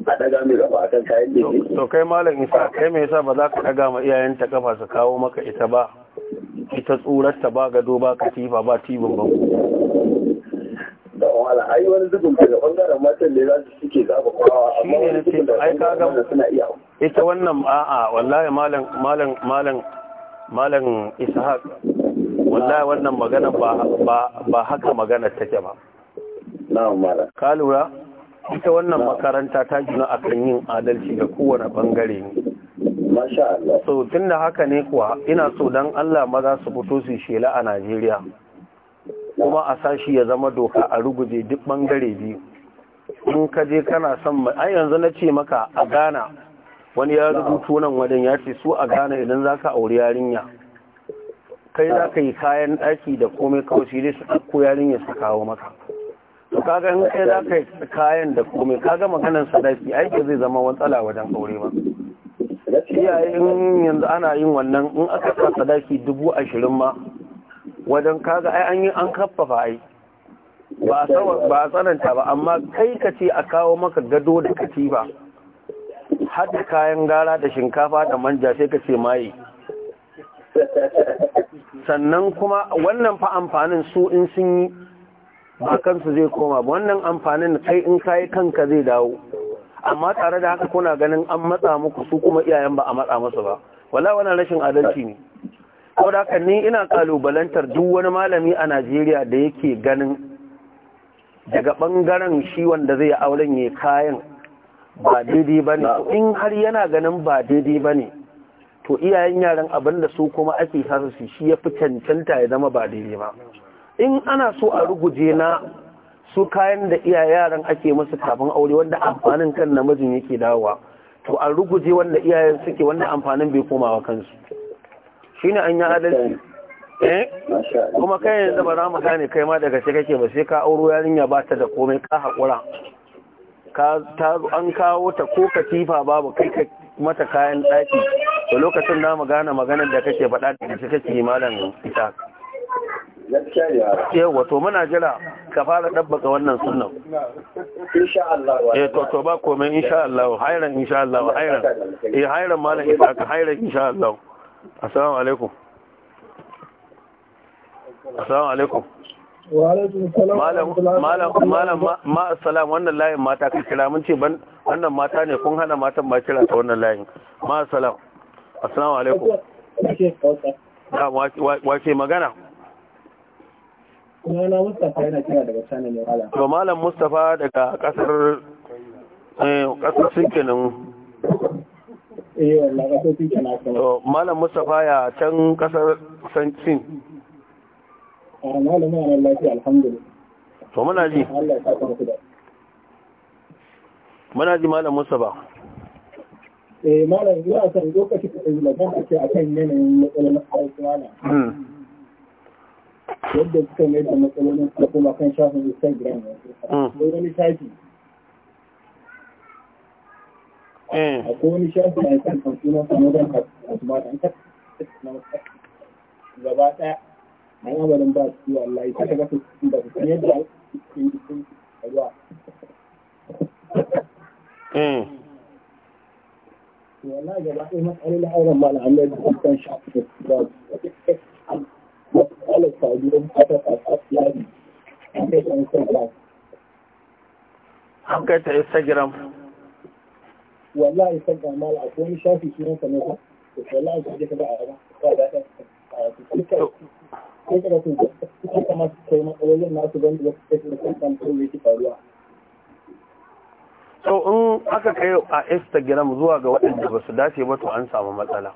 a daga mai gaba kan kayan jiki to kai malam isa kai me yasa ba za ka daga ma iyayenta kafa su kawo maka ita ba ita tsurarta ba gado ba katifa ba tibin ba da wala ai wani zubin ke da bangaren matan ne za su suke zaba kwawa amma wani zubin da bangaren suna iya ita wannan a'a wallahi malam malam malam malam ishaq wallahi wannan magana ba haka magana take ba ka lura ita wannan makaranta ta gina kan yin adalci ga kowane bangare ne so tun da haka ne kuwa ina so dan allah maza su fito su shela a najeriya kuma a sashi ya zama doka a ruguje duk bangare biyu in ka je kana son ai yanzu na ce maka a ghana wani ya rubutu nan wajen ya ce su a ghana idan zaka ka auri yarinya kai za ka yi kayan ɗaki da komai kawai shi dai su ɗauko yarinya su kawo maka to kaga in kai za ka yi kayan da komai kaga maganar sadaki aiki zai zama tsala wajen aure ba iyaye in yanzu ana yin wannan in aka sa sadaki dubu ashirin ma wajen kaga ai an yi an kaffafa ai ba a tsananta ba amma kai ka ce a kawo maka gado da katiba har da kayan gara da shinkafa da manja sai ka ce maye sannan kuma wannan fa amfanin su in sun yi ba kansu zai koma wannan amfanin kai in kayi kanka zai dawo amma tare da haka kuna ganin an matsa muku su kuma iyayen ba a matsa masu ba wala wannan rashin adalci ne ko da haka ni ina kalubalantar duk wani malami a Najeriya da yake ganin daga bangaren shi wanda zai auren ya kayan ba daidai bane in har yana ganin ba daidai bane to iyayen yaran abin da su kuma ake sasu su shi ya fi cancanta ya zama ba daidai ba in ana so a ruguje na su kayan da iya yaran ake musu kafin aure wanda amfanin kan namijin yake dawowa to a ruguje wanda iyayen suke wanda amfanin bai komawa kansu shine an yi adalci eh? kuma kai yanzu ba za mu gane kai ma daga shi kake ba sai ka auro yarinya ba ta da komai ka haƙura an kawo ta ko katifa babu kai mata kayan ɗaki da lokacin da mu gane da kake faɗa da shi kake malam ita yawa to muna jira ka fara ɗabbaka wannan sunan eh to to ba komai insha Allah hairan insha Allah hairan eh hairan malam ita ka hairan insha Allah assalamu alaikum assalamu alaikum malam wannan layin mata ka kira mun ce ban wannan mata ne kun hana matan ba kira ta wannan layin Ma'asalam, assalam assalamu alaikum wace magana Sunana Mustapha yana kira daga China ne wala. To Malam Mustapha daga kasar eh kasar Sinkenin. Eh na kasar Sinkenin. To Malam Mustapha ya can kasar Sin. malamin ana lafiya alhamdulillah to muna ji muna ji malam musa ba eh malam zuwa san lokaci da magana ake akan yanayin matsalolin alƙur'ana hmm. yadda suka mai da matsalolin da kuma kan shafin instagram hmm. akwai wani shafi eh. akwai wani shafi a kan kamfunan sanar da asuma da an gaba ɗaya a yi amalin ba su wallahi ta ga su da su yadda ruwa hmm. gaba ɗaya matsalolin auren ma na hannun da kusan shafi da su matsalar saduwar fatar a tsasiyari a kai ta instagram an kai ta instagram wallahi instagram ma akwai wani shafi sunan sanarwa wallahi ka je ka ga a ba ba da sai ka rasu kama su kai matsalolin nasu da kan yake faruwa. So in aka kai a Instagram zuwa ga waɗanda ba su dace ba to an samu matsala.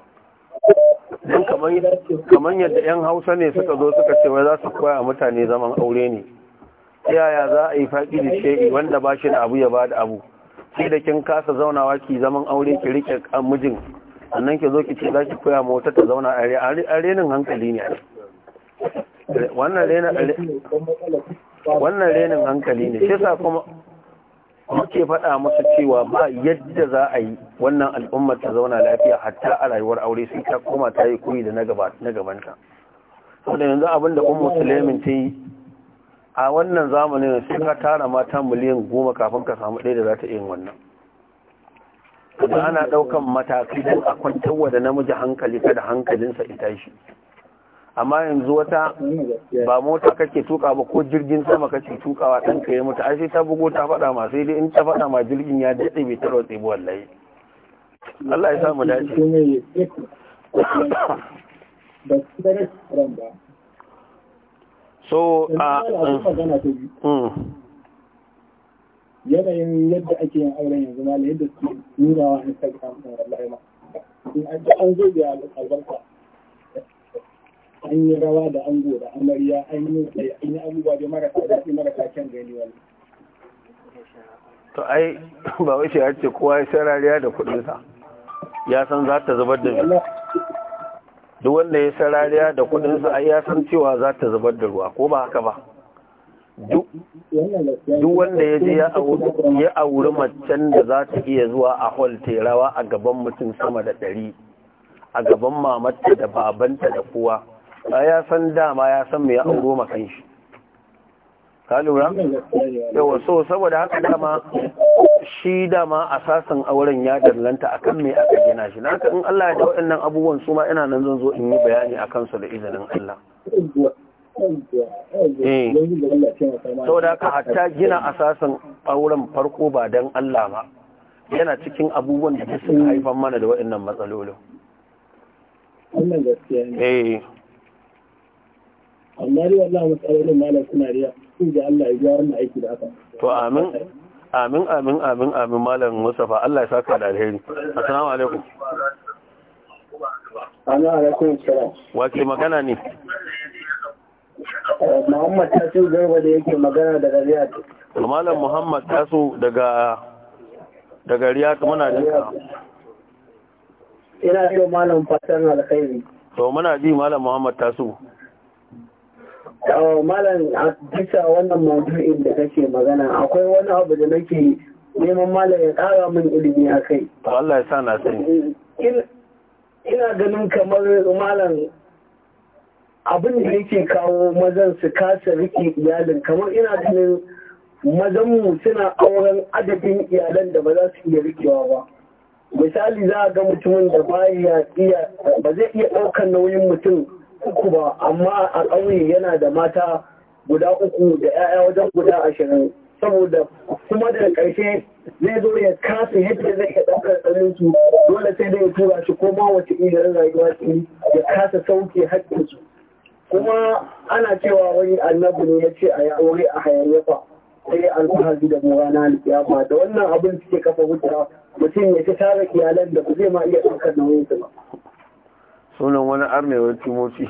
Don kamar yadda 'yan Hausa ne suka zo suka ce wai za su koya mutane zaman aure ne. Yaya za a yi faɗi da she'i wanda ba shi da abu ya ba da abu. Sai da kin kasa zaunawa ki zaman aure ki rike mijin sannan ki zo ki ce za ki koya ma wata ta zauna a renin hankali ne a wannan renin hankali ne shi sa kuma muke faɗa musu cewa ba yadda za a yi wannan al'ummar ta zauna lafiya hatta a rayuwar aure sai ta koma ta yi kuyi da na gabanta saboda yanzu abinda da ummu ta yi a wannan zamanin sai ka tara mata miliyan goma kafin ka samu ɗaya da za ta yi wannan ana ɗaukan matakai don a kwantar wa da namiji hankali kada hankalinsa ita shi amma yanzu wata ba mota kake tuka ba ko jirgin sama kake tukawa dan ka yi mota ashe sai ta bugo ta faɗa ma sai dai in ta faɗa ma jirgin ya daɗe bai tarwa tsibi wallahi Allah ya sa mu dace so a mm, mm. yanayin yadda ake yin auren yanzu ma yadda suke wa Instagram ɗin wallahi ma in an zo biya albarka an yi rawa da ango da amarya an yi tsaye an yi abubuwa da marasa su marasa kyan gani wani to ai ba wai ya ce kowa ya sai rariya da kuɗinsa ya san za ta zubar da ruwa duk wanda ya sai rariya da kuɗinsa ai ya san cewa za ta zubar da ruwa ko ba haka ba duk wanda ya je ya auri macen da za ta iya zuwa a hol rawa a gaban mutum sama da ɗari a gaban mamata da babanta da kowa ya san dama ya san mai auro makan shi ka lura yawa so saboda haka dama shi dama a sasan auren ya dallanta akan mai aka gina shi na in Allah ya da waɗannan abubuwan su ma ina nan zan zo in yi bayani a kansu da izinin Allah eh. saboda haka hatta gina a sasan auren farko ba don Allah ba yana cikin abubuwan da suka haifan mana da waɗannan matsalolin wannan amma dai wallahi matsalolin malam suna riya sun da Allah ya gyara mu aiki da haka to amin amin amin amin amin malam Mustafa Allah ya saka da alheri assalamu alaikum Ana alaikum salam. Wace magana ne? Eh, Muhammad Tasu Garba da yake magana daga Riyadh. Malam Muhammad Tasu daga daga Riyadh muna jinka. ka. Ina so malam fatan alkhairi. To muna ji malam Muhammad Tasu. Oh, malam a bisa wannan maudu'in da kake magana akwai wani abu da nake neman malam ya ƙara min ilimi a kai. Allah ya sa na Ina ganin kamar malam abin da yake kawo mazan su kasa rike iyalin kamar ina ganin mazanmu suna auren adadin iyalan da ba za su iya rikewa ba. Misali za a ga mutumin da ba zai iya ɗaukar nauyin mutum uku ba amma a ƙauye yana da mata guda uku da 'ya'ya wajen guda ashirin saboda kuma da ƙarshe zai zo ya kasa yadda zai ya ɗaukar tsarinsu dole sai dai ya tura shi ko ma wace irin rayuwa ce ya kasa sauke haƙƙinsu kuma ana cewa wani annabi ne ya ce a ya aure a hayayyafa sai alfahari da na alƙiyama da wannan abin suke kafa wuta mutum ya ci tara iyalan da ba zai ma iya ɗaukar nauyinsu ba sunan wani arnewar timoci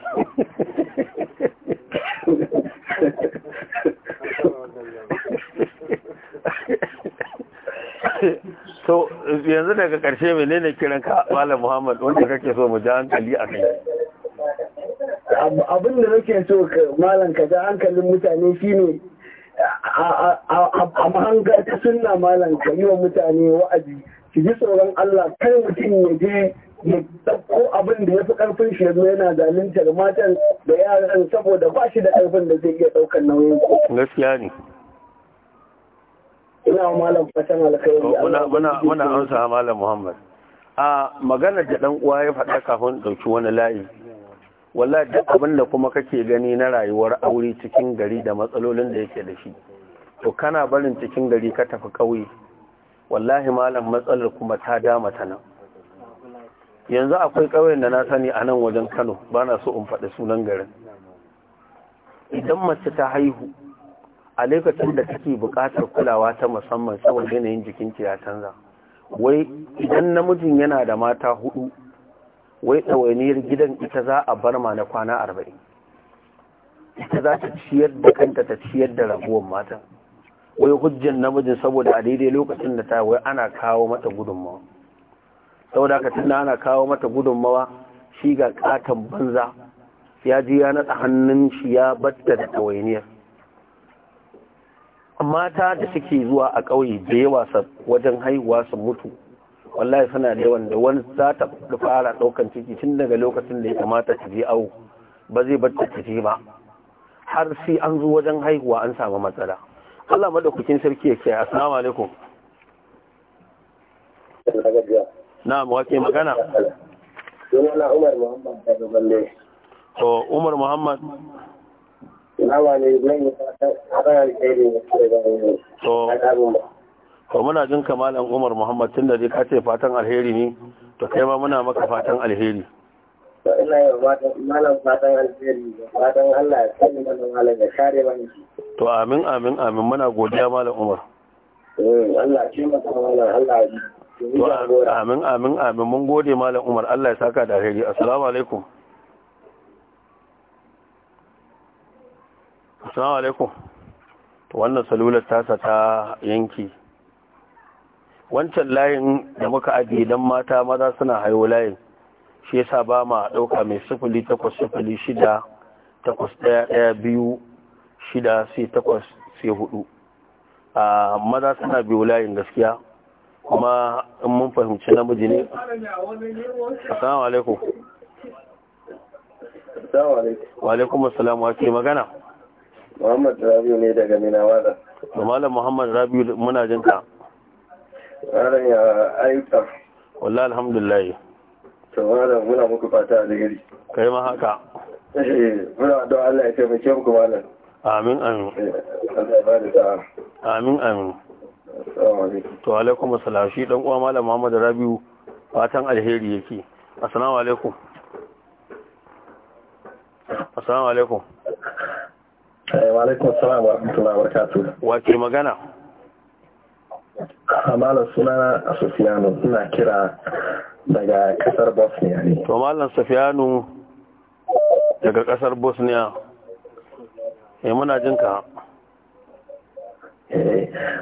so yanzu daga karshe ne ne kiran ka malam muhammad wanda kake so mu ji hankali a kai abin da nake so malam ka ja hankalin mutane shine a mahanga ta sunna malam ka yi wa mutane wa'azi ki ji tsoron allah kar mutum ya je ya ɗauko abin da ya fi ƙarfin shi yanzu yana zaluntar matan da yaran saboda ba shi da ƙarfin da zai iya ɗaukar nauyin ku. Gaskiya ne. Ina wa malam fatan alkhairi. Muna amsa malam Muhammad. A maganar da ɗan uwa ya faɗa kafin ɗauki wani layi. Walla duk abin da kuma kake gani na rayuwar aure cikin gari da matsalolin da yake da shi. To kana barin cikin gari ka tafi ƙauye. Wallahi malam matsalar kuma ta dama ta nan. yanzu akwai ƙauyen da na sani a nan wajen kano ba na so in faɗi sunan garin idan mace ta haihu a lokacin da take buƙatar kulawa ta musamman saboda yanayin jikinta ya canza wai idan namijin yana da mata hudu wai ɗawainiyar gidan ita za a bar ma na kwana arba'in ita za ta ciyar da kanta ta ciyar da rabuwan mata wai hujjan namijin saboda a daidai lokacin da ta wai ana kawo mata gudunmawa saboda ka tana ana kawo mata gudunmawa shi ga katon banza ya ji ya naɗa hannun shi ya batta da tawainiyar. mata da suke zuwa a ƙauye da yawa wajen haihuwa su mutu wallahi suna da yawan da wani za ta fara ɗaukan ciki tun daga lokacin da ya kamata ta je awo ba zai batta ta je ba har sai an zo wajen haihuwa an samu matsala Allah madaukakin sarki ya kiyaye assalamu alaikum na wake magana sunana umar muhammad daga balle to umar muhammad nawa ne zai yi fatan alheri ne to to muna jin kamalan umar muhammad tun da dai kace ce fatan alheri ne to kai ma muna maka fatan alheri ina yi malam fatan alheri fatan allah ya kai mana malam ya kare mana to amin amin amin muna godiya malam umar eh, Allah ya ce maka malam Allah ya amin amin amin mun gode malam umar Allah ya saka da alheri assalamu alaikum assalamu alaikum to wannan salular tasa ta yanki wancan layin da muka ajiye dan mata maza suna haihu layin shi yasa ba ma ɗauka mai sifili takwas sifili shida takwas ɗaya ɗaya biyu shida sai takwas sai hudu a ah, maza suna biyu layin gaskiya kuma in mun fahimci namiji ne assalamu alaikum wa alaikum assalam wa ke magana Muhammad Rabiu ne daga Minawa da Malam Muhammad Rabiu muna jin ka Malam ya ayyuka wallah alhamdulillah to muna muku fata Ka kai ma haka eh, muna da Allah ya taimake muku malam amin amin eh, sa'a amin amin to alaikum assalam shi dan uwa malam Muhammad Rabiu fatan alheri yake assalamu alaikum assalamu alaikum eh, wa alaikum assalam wa rahmatullahi wa barakatuh wa ke magana ah, malam a Sufiyanu suna kira daga kasar Bosnia ne to malam Sufiyanu daga kasar Bosnia eh muna jinka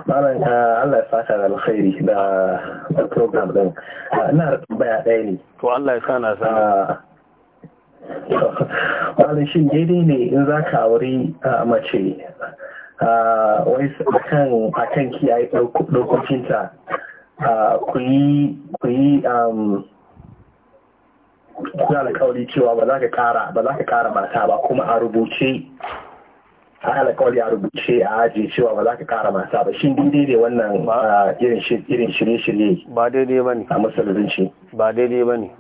malam ah, Allah ya fata da alkhairi da program din ah, ina da tambaya ɗaya ne to Allah ya sana sana ah, malam shin daidai ne in za ka a mace wai akan akan kiyaye dokokinta ku yi ku yi kuna da cewa ba za ka kara ba za ka kara mata ba kuma a rubuce da kawai ya rubuce a ajiye cewa ba za ka kara masa ba shin daidai ne wannan irin shirye-shirye ba daidai ba ne a musulunci ba daidai ba ne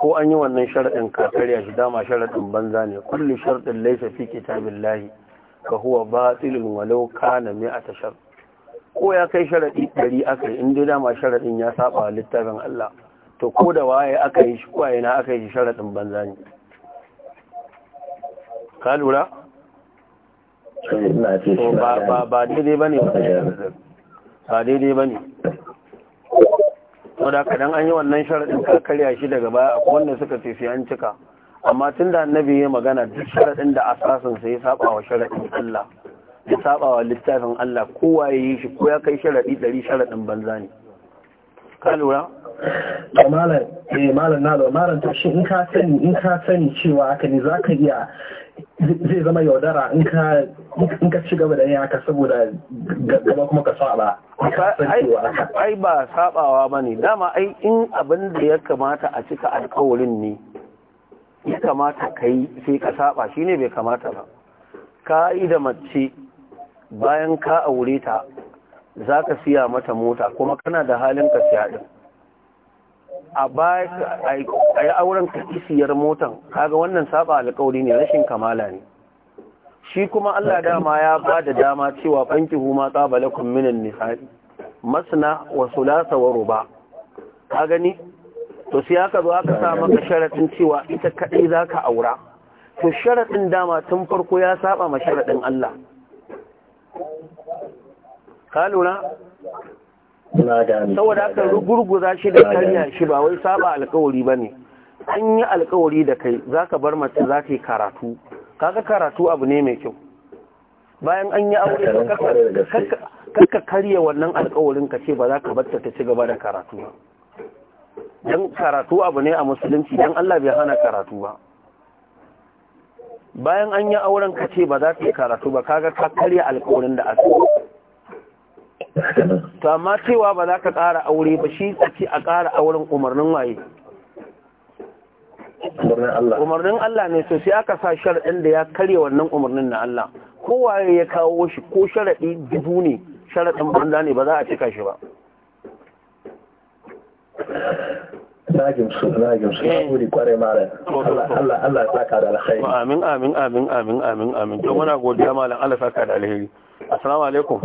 ko an yi wannan sharaɗin kakariya shi dama sharaɗin banza ne kullum sharaɗin laifin fi lahi ka huwa tsilin walau kana mi'ata shar ko ya kai sharaɗi ɗari aka yi in dai dama sharaɗin ya saba littafin Allah to ko da waye aka yi shi kwaye na aka yi sharaɗin banza ne ka lura Eh, ba daidai ba ne ba daidai ba ne wadda kadan an yi wannan sharaɗin karkarya shi daga baya a wanda suka ce sai an cika amma tun da annabi ya magana duk sharaɗin da asasin sai ya saba wa sharaɗin Allah ya saba wa littafin Allah kowa ya yi shi ko ya kai sharaɗi ɗari sharaɗin banza ne ka lura da malam eh, na malam to shi in ka sani in ka sani cewa haka ne iya zai zama yaudara in ka ka ci gaba da yin haka saboda gaba kuma ka saba ai ba sabawa ba ne dama ai in abin da ya kamata a cika alkawarin ne ya kamata kai sai ka saba shine bai kamata ba ka yi da mace bayan ka aure ta za ka siya mata mota kuma kana da halin ka siya din a baya a yi auren kakisiyar motan kaga wannan saba alkawari ne rashin kamala ne shi kuma Allah dama ya ba da dama cewa fanki huma tsabalakun kumminin nisari Masana wasu lasa waro ba. ka gani to ya ka zo aka sa ka sharaɗin cewa ita kaɗai za ka aura to sharaɗin dama tun farko ya saba ma sharaɗin Allah ka lura saboda aka rugurguza shi da karya shi ba wai saba alkawari ba ne an yi alkawari da kai za ka bar mace za ka yi karatu kaga karatu abu ne mai kyau bayan an yi aure kaka karya wannan alkawarin ka ce ba za ka batta ta ci gaba da karatu ba don karatu abu ne a musulunci don Allah bai hana karatu ba bayan an yi auren ka ce ba za ta yi karatu ba kaga ka karya alkawarin da aka to amma cewa ba za ka ƙara aure ba shi tsaki a ƙara auren umarnin waye umarnin Allah ne so aka sa sharaɗin da ya karya wannan umarnin na Allah kowaye ya kawo shi ko sharaɗi dubu ne sharaɗin banza ne ba za a cika shi ba Nagin su, nagin su, kuri kware mara Allah, Allah saka da alkhairi. Amin, amin, amin, amin, amin, To muna godiya malam Allah saka da alheri. Assalamu alaikum.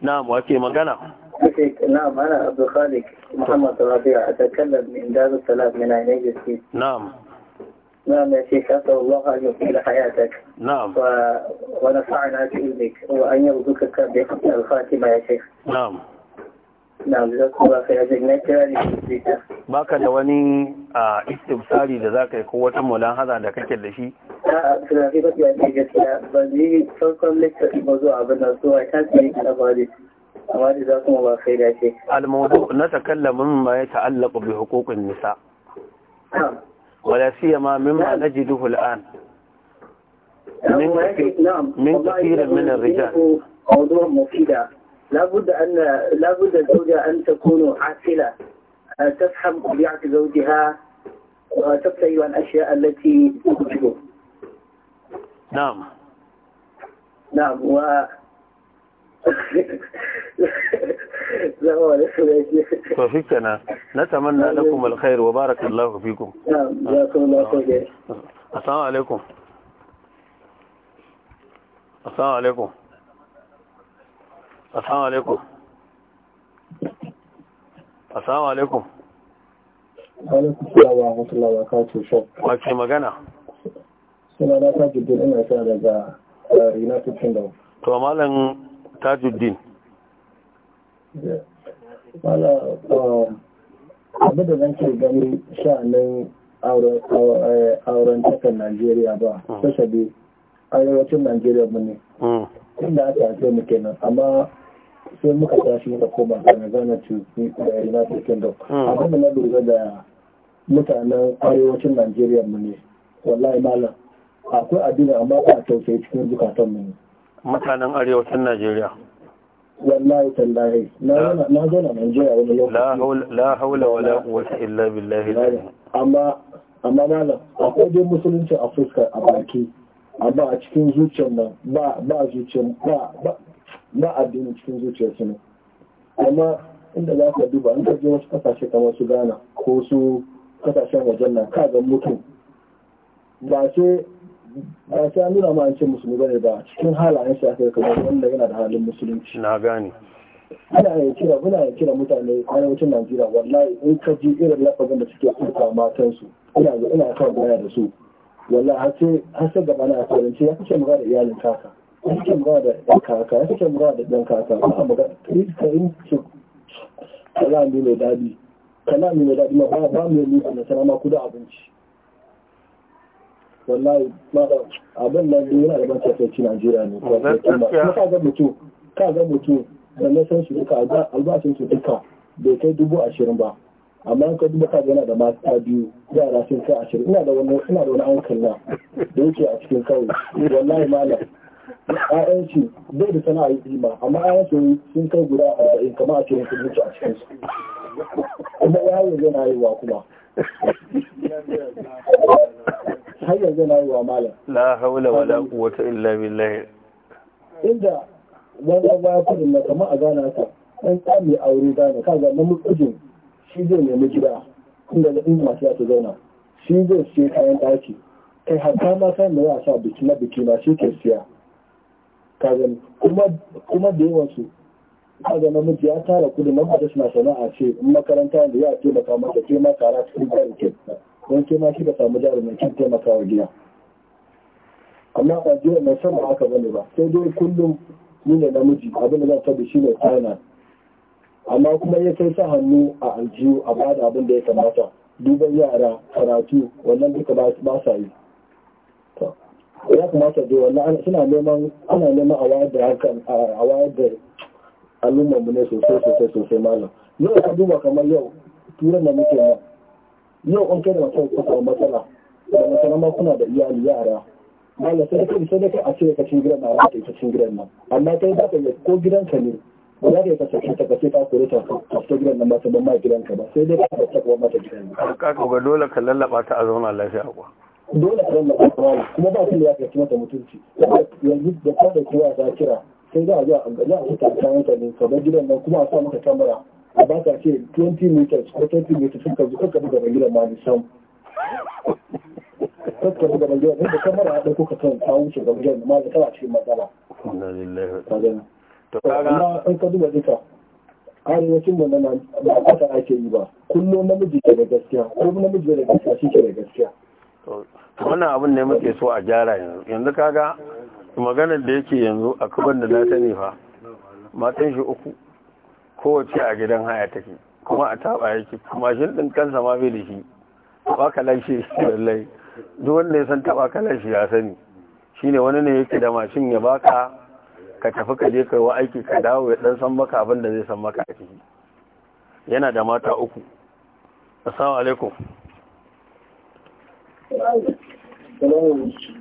نعم وكي مقالة نعم أنا عبد الخالق محمد ربيع أتكلم من دار السلام من عيني جسيد نعم نعم يا شيخ أسأل الله أن يطيل حياتك نعم و... ونفعنا في علمك وأن يرزقك بحسن الخاتمة يا شيخ نعم ba ka da wani a da za ka yi ko mulan haza da kake da shi? a tunafi ba ya gaskiya zai ba zuwa abin ta amma da za kuma ba kai na takallamin ma ya ta'allaka bi hukukun nisa wala siyama na'am? najiduhu al'an لابد أن لابد الزوجة أن تكون عاقلة تفهم طبيعة زوجها وتبتعد عن الأشياء التي تعجبه نعم نعم و لا أنا نتمنى نعم. لكم الخير وبارك الله فيكم نعم جزاكم الله خير السلام عليكم السلام عليكم assalamu alaikum assalamu alaikum wace magana suna na tajuddin ina sa daga united kingdom to malam tajuddin uh, abu da zan ce gani sha'anin auren uh, takan najeriya ba mm. sassabe arewacin najeriya mu ne mm. inda aka ake mu kenan amma sai muka tashi muka koma na zana tuzi da eh, united kingdom hmm. abin da na lura da mutanen arewacin najeriya mu ne wallahi malam akwai addini amma ba tausayi cikin zukatan mu ne mutanen arewacin najeriya wallahi tallahi na zauna najeriya wani lokaci la haula wala quwwata illa billahi amma amma malam akwai dai musulunci a fuskar a baki amma a cikin zuciyar nan ba zuciyar ba na addini cikin zuciyarsu ne amma inda za ka duba an ka wasu kasashe kamar su ghana ko su kasashen wajen nan ka ga mutum ba sai ba an nuna ma an ce musulmi ba ne ba cikin halayen shi aka kamar wanda yana da halin musulunci na gane ina ya kira muna ya kira mutane arewacin najeriya wallahi in ka ji irin lafazin da suke kuka matansu ina ina kan baya da su wallahi har sai gaba na ya kasance magana iyalin kaka suke mura da ɗan kaka suke mura da ɗan kaka ba a ka yin ce kalami mai daɗi kalami mai daɗi ma ba ba mai nuna na sana ma abinci wallahi ma da abin nan yana da ban tafiyaci najeriya ne kuma ka ga mutum ka ga mutum da na san su duka albashin su duka bai kai dubu ashirin ba amma ka duba ka yana da mata biyu yara sun kai ashirin ina da wani ina da wani na da ƴaƴan shi bai da sana'a yi kima amma ƴaƴan sun kai guda arba'in kama a cikin kudin a cikin su kuma yayin yana yi wa kuma har yanzu yana yi wa malam la haula wala quwwata illa billah inda wannan waya kudin na kama a gana ka ɗan tsami aure gane ka ga na mutsujin shi zai nemi gida inda da inda masu ya ta zauna shi zai siya kayan ɗaki kai hatta ma kayan da za a sa biki na biki na shi ke siya ka kuma da yawan su namiji ya tara kudi na mata suna sana'a ce in makaranta da ya taimaka mata ke ma ta cikin jarin ke don ke ma shi ka samu jari mai kin taimaka wa gida amma a jiya mai sama haka bane ba sai dai kullum ni ne namiji abinda da zan tabi shi ne tsana amma kuma ya kai sa hannu a aljihu a bada abin da ya kamata duban yara karatu wannan duka ba sa yi ya kamata da wani suna neman ana neman a wayar da hakan a wayar da al'ummarmu ne sosai sosai sosai malam yau ka duba kamar yau turan da muke nan yau an kai da mutum kusa matsala da matsala ma kuna da iyali yara malam sai kai sai kai a ce ka cin gidan na ta cin gidan nan amma kai za ka yi ko ka ne ba za ka yi kasance ta kace ka kore ta a cikin gidan nan ba ta ban ma ba sai dai ka ta kuma mata gidan ka ka ga dole ka lallaba ta a zauna lafiya kuwa dole ka rallaka kawai kuma ba su da ya kaci mata mutunci yanzu da kan da kowa za kira sai za a za a fita a kayan ka ne kamar gidan nan kuma a sa maka kamera a ba ka ce 20 meters ko 20 meters suka zo kakka buga gidan ma ni sam kakka buga ban gidan da kamera da kuka kan ta wuce ga gidan ma da tana cikin matsala to kaga in ka duba duka arewacin mu nan ba a ake yi ba kullum namiji ke da gaskiya ko namiji da gaskiya shi ke da gaskiya wannan abin ne muke so a gyara yanzu yanzu kaga maganar da yake yanzu a kuban da na ne fa matan shi uku kowace a gidan haya take kuma a taba yake kuma shi din kansa ma bai da shi ba kalashi lallai duk wanda ya san taba kalashi ya sani shine wani ne yake da mashin ya baka ka tafi ka je kai wa aiki ka dawo ya dan san maka abin da zai san maka a ciki yana da mata uku assalamu alaikum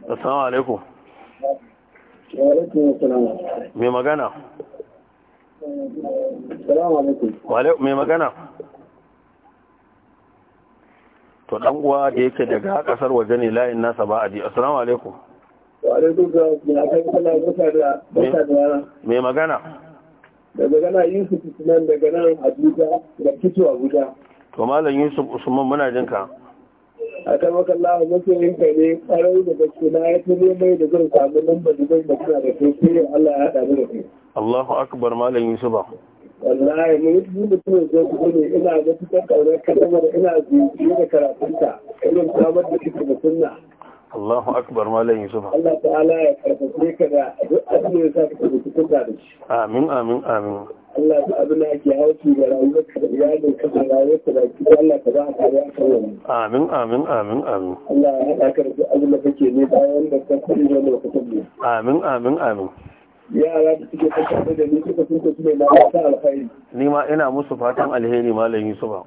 Assalamu alaikum. Mai magana? Mai magana? To ɗan uwa da yake daga ƙasar waje ne layin nasa ba a ji. Assalamu alaikum. Mai magana? Daga gana Yusuf Usman daga nan Abuja da Kitu Abuja. To Malam Yusuf Usman muna jinka. a kan maka lawa masoyin ka ne ƙwarar da gaske na ya fi mai da zan samu lambar da zan magana da ke, sai yau Allah ya haɗa mu da kai. Allahu akbar malam Yusufa. Wallahi mun yi tuzu mutum da zai ne ina matuƙar ƙaunar ka saboda ina zuciya da karatunta irin samar da kike da Allahu akbar malam Yusufa. Allah ta'ala ya karfafe ka da duk abin da ya sa kake da shi. Amin amin amin. Allah da abin da ake hauki da rayuwarka da iyalinka da rayuwarka da ki Allah ka ba ka ya kawo amin amin amin amin Allah ya haɗa ka da abin da kake ne bayan da ka kuri da lokacin amin amin amin yara da suke fata da ni suka sun kusa da na ta alkhairi ni ma ina musu fatan alheri malam Yusufa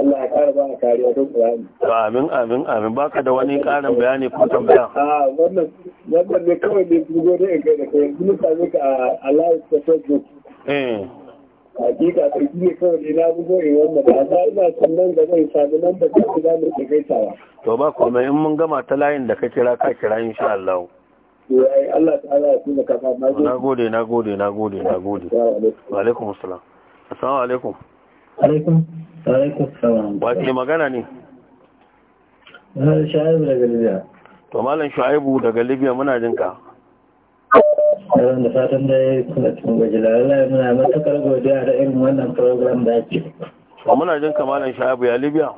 Allah ya ƙara ba kariya don Qur'ani. Amin amin amin baka da wani ƙarin bayani ko tambaya. A wannan wannan ne kawai ne su gode in kai da kai yanzu mun same ka a live ta Facebook. Eh. hakika sarki ne kawai ne na bugo in wanda ba za ina sannan ga zai sami nan da kuma za mu ta gaisawa to ba komai in mun gama ta layin da ka kira ka kira insha Allah to ai Allah ta'ala ya tuna kafa na gode na gode na gode na gode wa alaikum assalam assalamu alaikum alaikum alaikum assalam wa ke magana ne Shu'aibu daga Libya. To Malam Shu'aibu daga Libya muna jin ka. don da fatan da ya kuna cikin gajila lalai muna matakar godiya da irin wannan program da ake ba muna jin kamalan sha'abu ya libya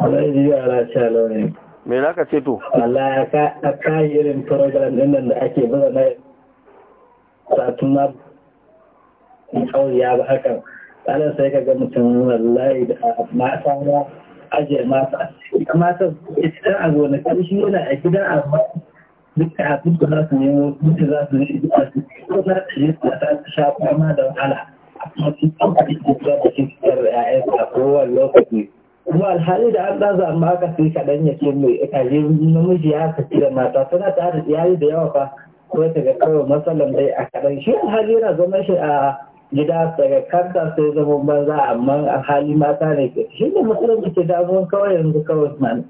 Allah ya jiya ala sha launi me za ka ce to Allah ya ka irin program din nan da ake buga na satun na ya ba hakan Allah sai ka ga mutum wallahi da mata ajiye mata mata ita a gonakin shi yana a gidan amma duk da duk za su nemo duk za su yi da su ko za su je su ta sha fama da wahala amma su an ko ba su fitar da ƴaƴan a kowane lokaci kuma alhali da an zaza amma aka sai kaɗan ya ce mai kaje namiji ya da mata tana tare da iyali da yawa fa ko ta ga kawai matsalan dai a kaɗan shi alhali yana zama shi a gida daga kanta sai zama banza amma alhali mata ne ke shi ne matsalan da ke damuwan kawai yanzu kawai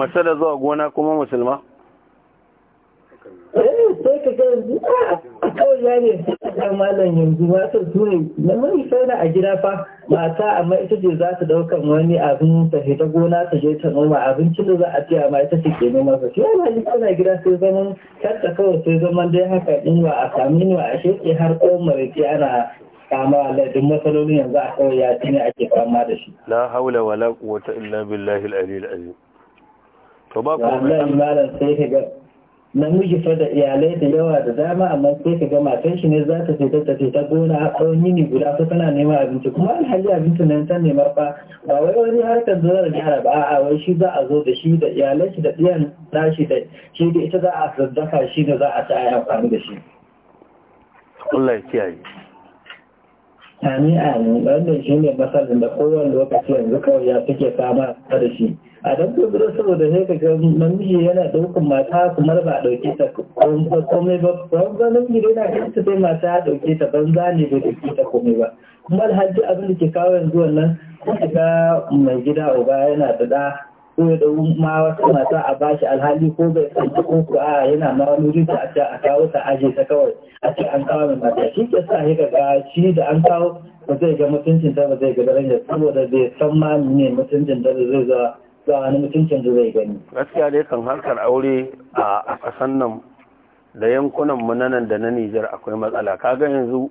mace da zuwa gona kuma musulma sai ka ga a ah, kawai ya ne malam yanzu ba su su ne na sauna a gida fa mata amma ita ce za ta daukan wani abin ta gona ta je ta noma abincin da za a ce amma ita ce ke noma su ce wani ji sauna gida sai zaman karta kawai sai zaman dai haka din wa a sami ni wa a sheke har kawai marike ana kama ladin matsaloli yanzu a kawai ya ci ne ake kama da shi. la haula wala quwwata illa billahi al-ali al-azim. to ba komai. wallahi malam sai ka ga namiji fa da iyalai da yawa da dama amma sai ka ga matan shi ne za ta fita ta fita gona a tsawon yini guda ko tana neman abinci kuma alhali abinci nan ta nemar fa ba wai wani harkar zuwa da yara ba a wai shi za a zo da shi da iyalai shi da iyan nashi da shi da ita za a dafa shi da za a ta yi amfani da shi. Allah Amin amin wannan shi ne matsalin da kowane lokaci yanzu kawai ya suke fama da shi. A don kodiro saboda ne ka ga namiji yana ɗaukan mata kuma ba a ɗauke ta komai ba. namiji yana kan sai mata ya ɗauke ta banza ne bai dauke ta komai ba. Kuma alhaji abin da ke kawo yanzu wannan ka ga mai gida uba yana da da ko ya dawo ma wata mata a bashi alhali ko bai tsanci ko ku a yana ma wani wurin a ce a kawo ta aje ta kawai a ce an kawo mai mata shi ke sa ya ga shi da an kawo ba zai ga mutuncin ta ba zai ga darajar saboda bai san ma ne mutuncin ta da zai zawa ga wani mutuncin da zai gani. gaskiya dai kan harkar aure a ƙasan nan da yankunan mu nan da na Nijar akwai matsala kaga yanzu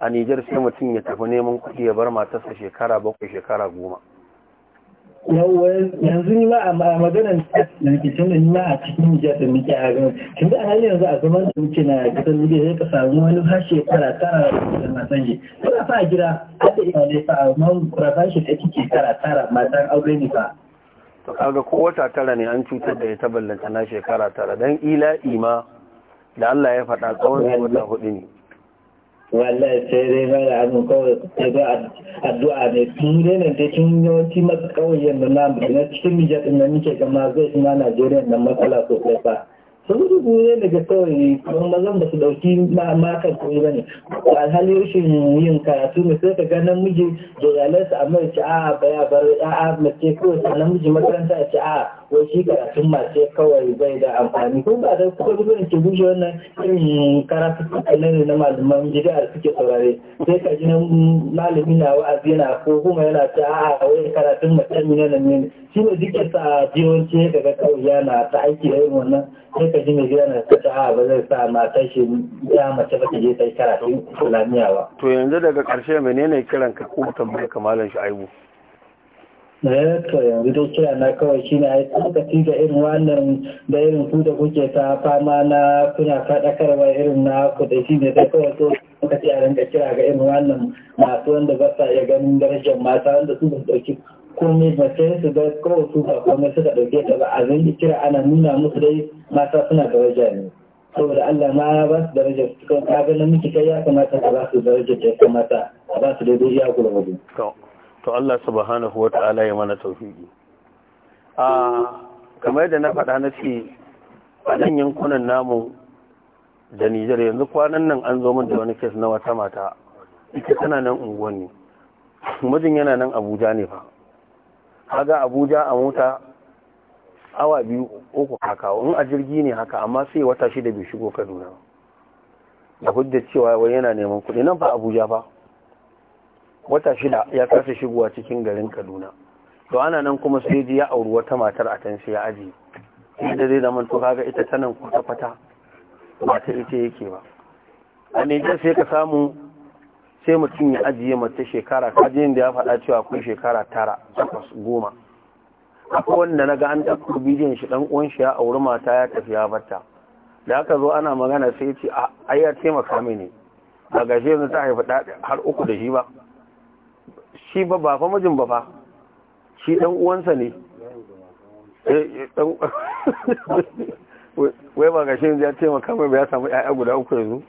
a Nijar sai mutum ya tafi neman kuɗi ya bar matarsa shekara bakwai shekara goma. yanzu ni ma a maganar da nake tun da ni ma a cikin nijar da muke a gan tun a halin yanzu a zaman da muke na gidan nigeria sai ka samu wani harshe kara tara da matan shi kuna fa gida har da iyalai fa amma kurafan shi da kike kara tara matan aure ne fa to kaga ko wata tara ne an cutar da ya ta lantana na shekara tara dan ila ima da Allah ya faɗa tsawon wata hudu ne wallahi sai dai mara abin kawai addu'a ne tun dai ne da tun yawanci masu kawai yadda na cikin nijar ɗin da muke gama zai ina najeriya na matsala sosai fa sun zubu ne daga kawai kamar mazan ba su dauki makar koyi ba ne alhali rashin yin karatu mai sai ka ga namiji da iyalansa a ya ce a ba ya bar a mace kawai sa namiji makaranta ya ci a wai shi karatun mace kawai bai da amfani ko ba da kuka zubu ne ke gushe wannan irin karatu kanan na malaman jida'ar suke saurare sai ka ji na malami na wa'azi na ko kuma yana ci a wai karatun mace ne na ne shi ne sa a ce ka ga kawai yana ta aiki a irin wannan sai ta da gidan da ta ha ba zai sa matar shi ya mace ba ta je ta yi karatu fulaniya ba to yanzu daga karshe menene kiran ka ko tambayar kamalan aibu? eh to yanzu dai kira na kawai shine ai lokaci da irin wannan da irin ku da kuke ta fama na kuna faɗakarwa irin na ku da shi ne da kawai to lokaci a rinka kira ga irin wannan masu wanda ba sa iya ganin darajar mata wanda su ba su ɗauki komai ba sai su ga kawai su ba komai suka dauke ta ba a zai kira ana nuna musu dai mata suna daraja ne saboda Allah ma ya ba su daraja su kan kaga namiji kai ya kamata a ba su daraja da ya kamata a ba su daidai ya gurgudu. to Allah subhanahu wataala ya mana tauhidi a kamar da na faɗa na ce a nan yankunan namu da Nijar yanzu kwanan nan an zo min da wani kes na wata mata ita tana nan unguwan ne mijin yana nan Abuja ne fa haga abuja a mota awa biyu uku haka, in a jirgi ne haka amma sai wata shida bai shigo kaduna da hujjar cewa wai yana neman kuɗi nan ba abuja ba? wata shida ya kasa shigowa cikin garin kaduna to ana nan kuma sai ji ya auri wata matar a can sai ya aji inda zai zama to kaga ita tanan kwata-kwata ba ta ita yake ba a nijar sai ka samu sai mutum ya ajiye mace shekara kajin da ya faɗa cewa kun shekara tara takwas goma akwai wanda na ga an ɗauko bidiyon shi ɗan uwan shi ya auri mata ya tafi ya bata da aka zo ana magana sai ce a ya taimaka mini a gashe yanzu ta haifi har uku da shi ba shi ba ba fa mijin ba fa shi ɗan uwansa ne eh, wai ba gashe yanzu ya taimaka mai ba ya samu 'ya'ya guda uku yanzu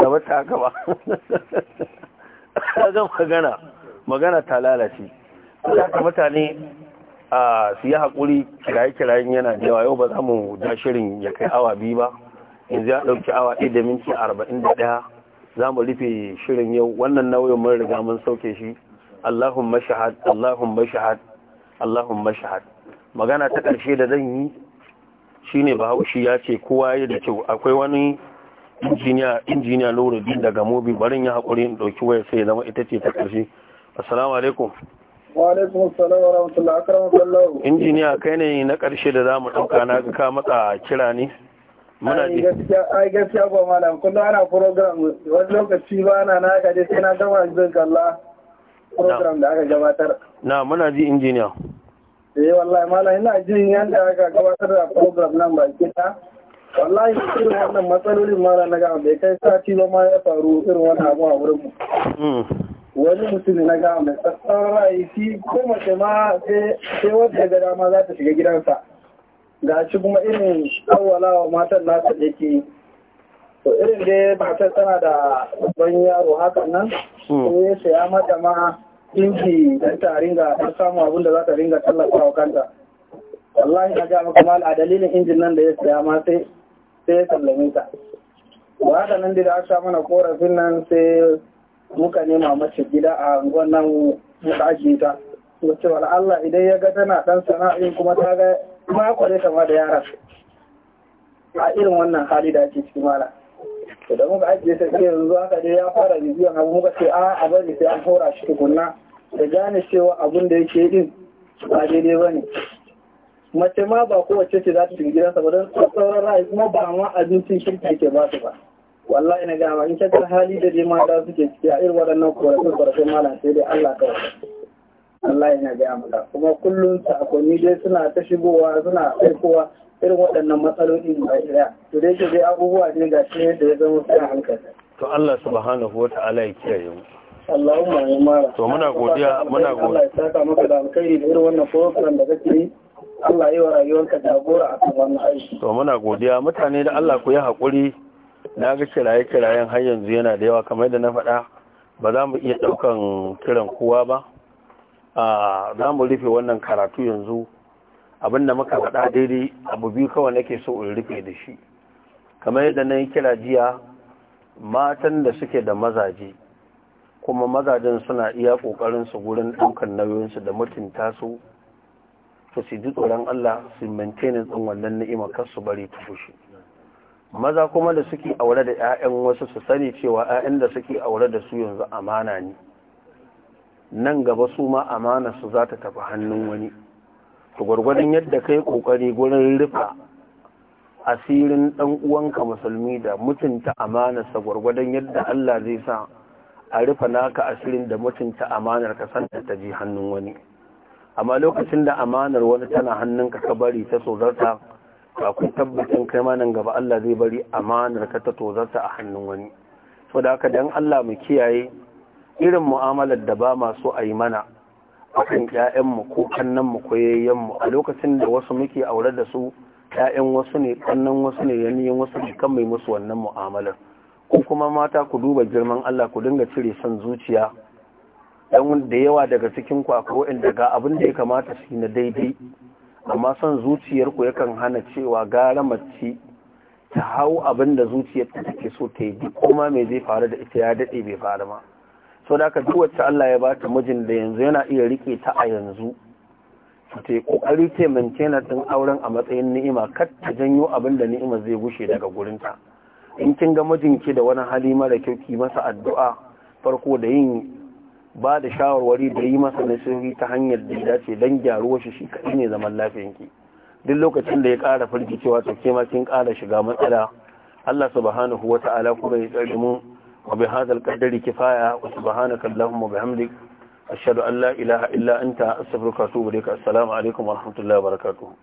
da wata gaba ta ga magana magana ta lalace ka mutane a su yi haƙuri kiraye-kirayen yana da yawa yau ba za mu da shirin ya kai awa biyu ba yanzu ya ɗauki awa ɗaya da minti arba'in da ɗaya za mu rufe shirin yau wannan nauyin mun riga mun sauke shi allahumma shahad allahumma shahad allahumma shahad magana ta ƙarshe da zan yi shine bahaushe ya ce kowa ya da kyau akwai wani injiniya lura Nuruddin daga Mobi barin ya haƙuri in ɗauki waya sai zama ita ce ta ƙarshe. assalamu alaikum wa alaikum wa rahmatullahi akramu sallahu injiniya kai ne na ƙarshe da zamu ɗauka na ka matsa kira ne muna ji ai gaskiya ba malam kullum ana program wani lokaci ba na na ga dai sai na gama zan kalla program da aka gabatar na muna ji injiniya eh wallahi malam ina jin yanda aka gabatar da program nan ba ta? wallahi irin wannan matsalolin mara na gama bai kai sati ba ma ya faru irin wani abu a mu. Hmm. wani mutum na gama mai tsatsarar ra'ayi fi ce ma sai wata ga dama za ta shiga gidansa ga shi kuma irin kawalawa matan nasa da ke to irin dai matan tana da ban yaro hakan nan ko hmm. ya saya mata ma inji dan ta ringa dan samu abin da za ta ringa tallafa wa kanta wallahi na ga maka mal a dalilin injin nan da ya saya ma sai sai ya sallame ta ba haka nan da aka mana korafin nan sai muka nema mace gida a angon nan muka ajiye ta wacce wala Allah idan ya ga tana dan sana'in kuma ta ga kuma ya kware kama da yaran a irin wannan hali da ake ciki mala da muka ajiye ta sai yanzu haka dai ya fara bibiyan abu muka ce a a bari sai an hora shi tukunna da gane cewa abun da yake din ba daidai ba ne. mace ma ba kowace ce za ta shiga gidansa ba don sauran ra'ayi kuma ba ma abincin kirki yake ba su ba wallahi na gama in kyakkyar hali da dai mata suke ciki a irin waɗannan korafin korafin malam sai dai Allah kawai Allah ina gaya maka kuma kullum sakonni dai suna ta shigowa suna aikowa irin waɗannan matsaloli ba ira to dai ke dai abubuwa ne ga shi da ya zama sai hankali to Allah subhanahu wa ta'ala ya kiyaye mu Allahumma ya mara to muna godiya muna godiya Allah ya saka maka da alkhairi da irin wannan program da kake yi Allah yi wa rayuwarka gora a kan wannan aiki. To muna godiya mutane da Allah ku yi haƙuri na ga kiraye-kirayen har yanzu yana da yawa kamar da na faɗa ba za mu iya ɗaukan kiran kowa ba. Za mu rufe wannan karatu yanzu abin da muka faɗa daidai abu biyu kawai nake so in rufe da shi. Kamar yadda na yi kira jiya matan da suke da mazaje kuma mazajen suna iya ƙoƙarin su gurin ɗaukan nauyinsu da mutunta su to su ji tsoron Allah su maintainin ɗin wannan ni'ima kar su bari ta fushi maza kuma da suke aure da 'ya'yan wasu su sani cewa 'ya'yan da suke aure da su yanzu amana ne nan gaba su ma amana su za ta tafi hannun wani to gwargwadon yadda kai kokari gurin rufa asirin dan uwanka musulmi da mutunta amanarsa gwargwadon yadda Allah zai sa a rufa naka asirin da mutunta amanar ka sanda ta ji hannun wani amma lokacin da amanar wani tana hannunka ka bari ta ka ku tabbacin kai ma gaba Allah zai bari amanar ka ta tozarta a hannun wani da haka dan Allah mu kiyaye irin mu'amalar da ba ma so a yi mana akan ƴaƴanmu ko kannanmu ko yayyanmu a lokacin da wasu muke aure da su ƴaƴan wasu ne kannan wasu ne yanayin wasu ne kan mai musu wannan mu'amalar ko kuma mata ku duba girman Allah ku dinga cire son zuciya Ɗan da yawa daga cikin ku akwai ga abin da ya kamata su na daidai amma son zuciyarku yakan hana cewa gara mace ta hau abin da zuciyar ta take so ta yi duk kuma me zai faru da ita ya daɗe bai faru ma so da aka duk wacce Allah ya bata mijin da yanzu yana iya rike ta a yanzu ta yi ƙoƙari ta maintaina din auren a matsayin ni'ima kar ta janyo abin da ni'ima zai gushe daga gurinta in kin ga mijinki da wani hali mara kyau ki masa addu'a farko da yin ba da shawarwari da yi masa nasihohi ta hanyar da ya dace don gyaruwa shi shi kaɗai ne zaman lafiyanki duk lokacin da ya ƙara firgicewa ta ke ma kin ƙara shiga matsala Allah subhanahu wa ta'ala kuma ya tsari mu wa bi hadzal qadari kifaya wa subhanaka allahumma wa bihamdik ashhadu an la ilaha illa anta astaghfiruka wa atubu ilaik assalamu alaikum wa rahmatullahi wa barakatuh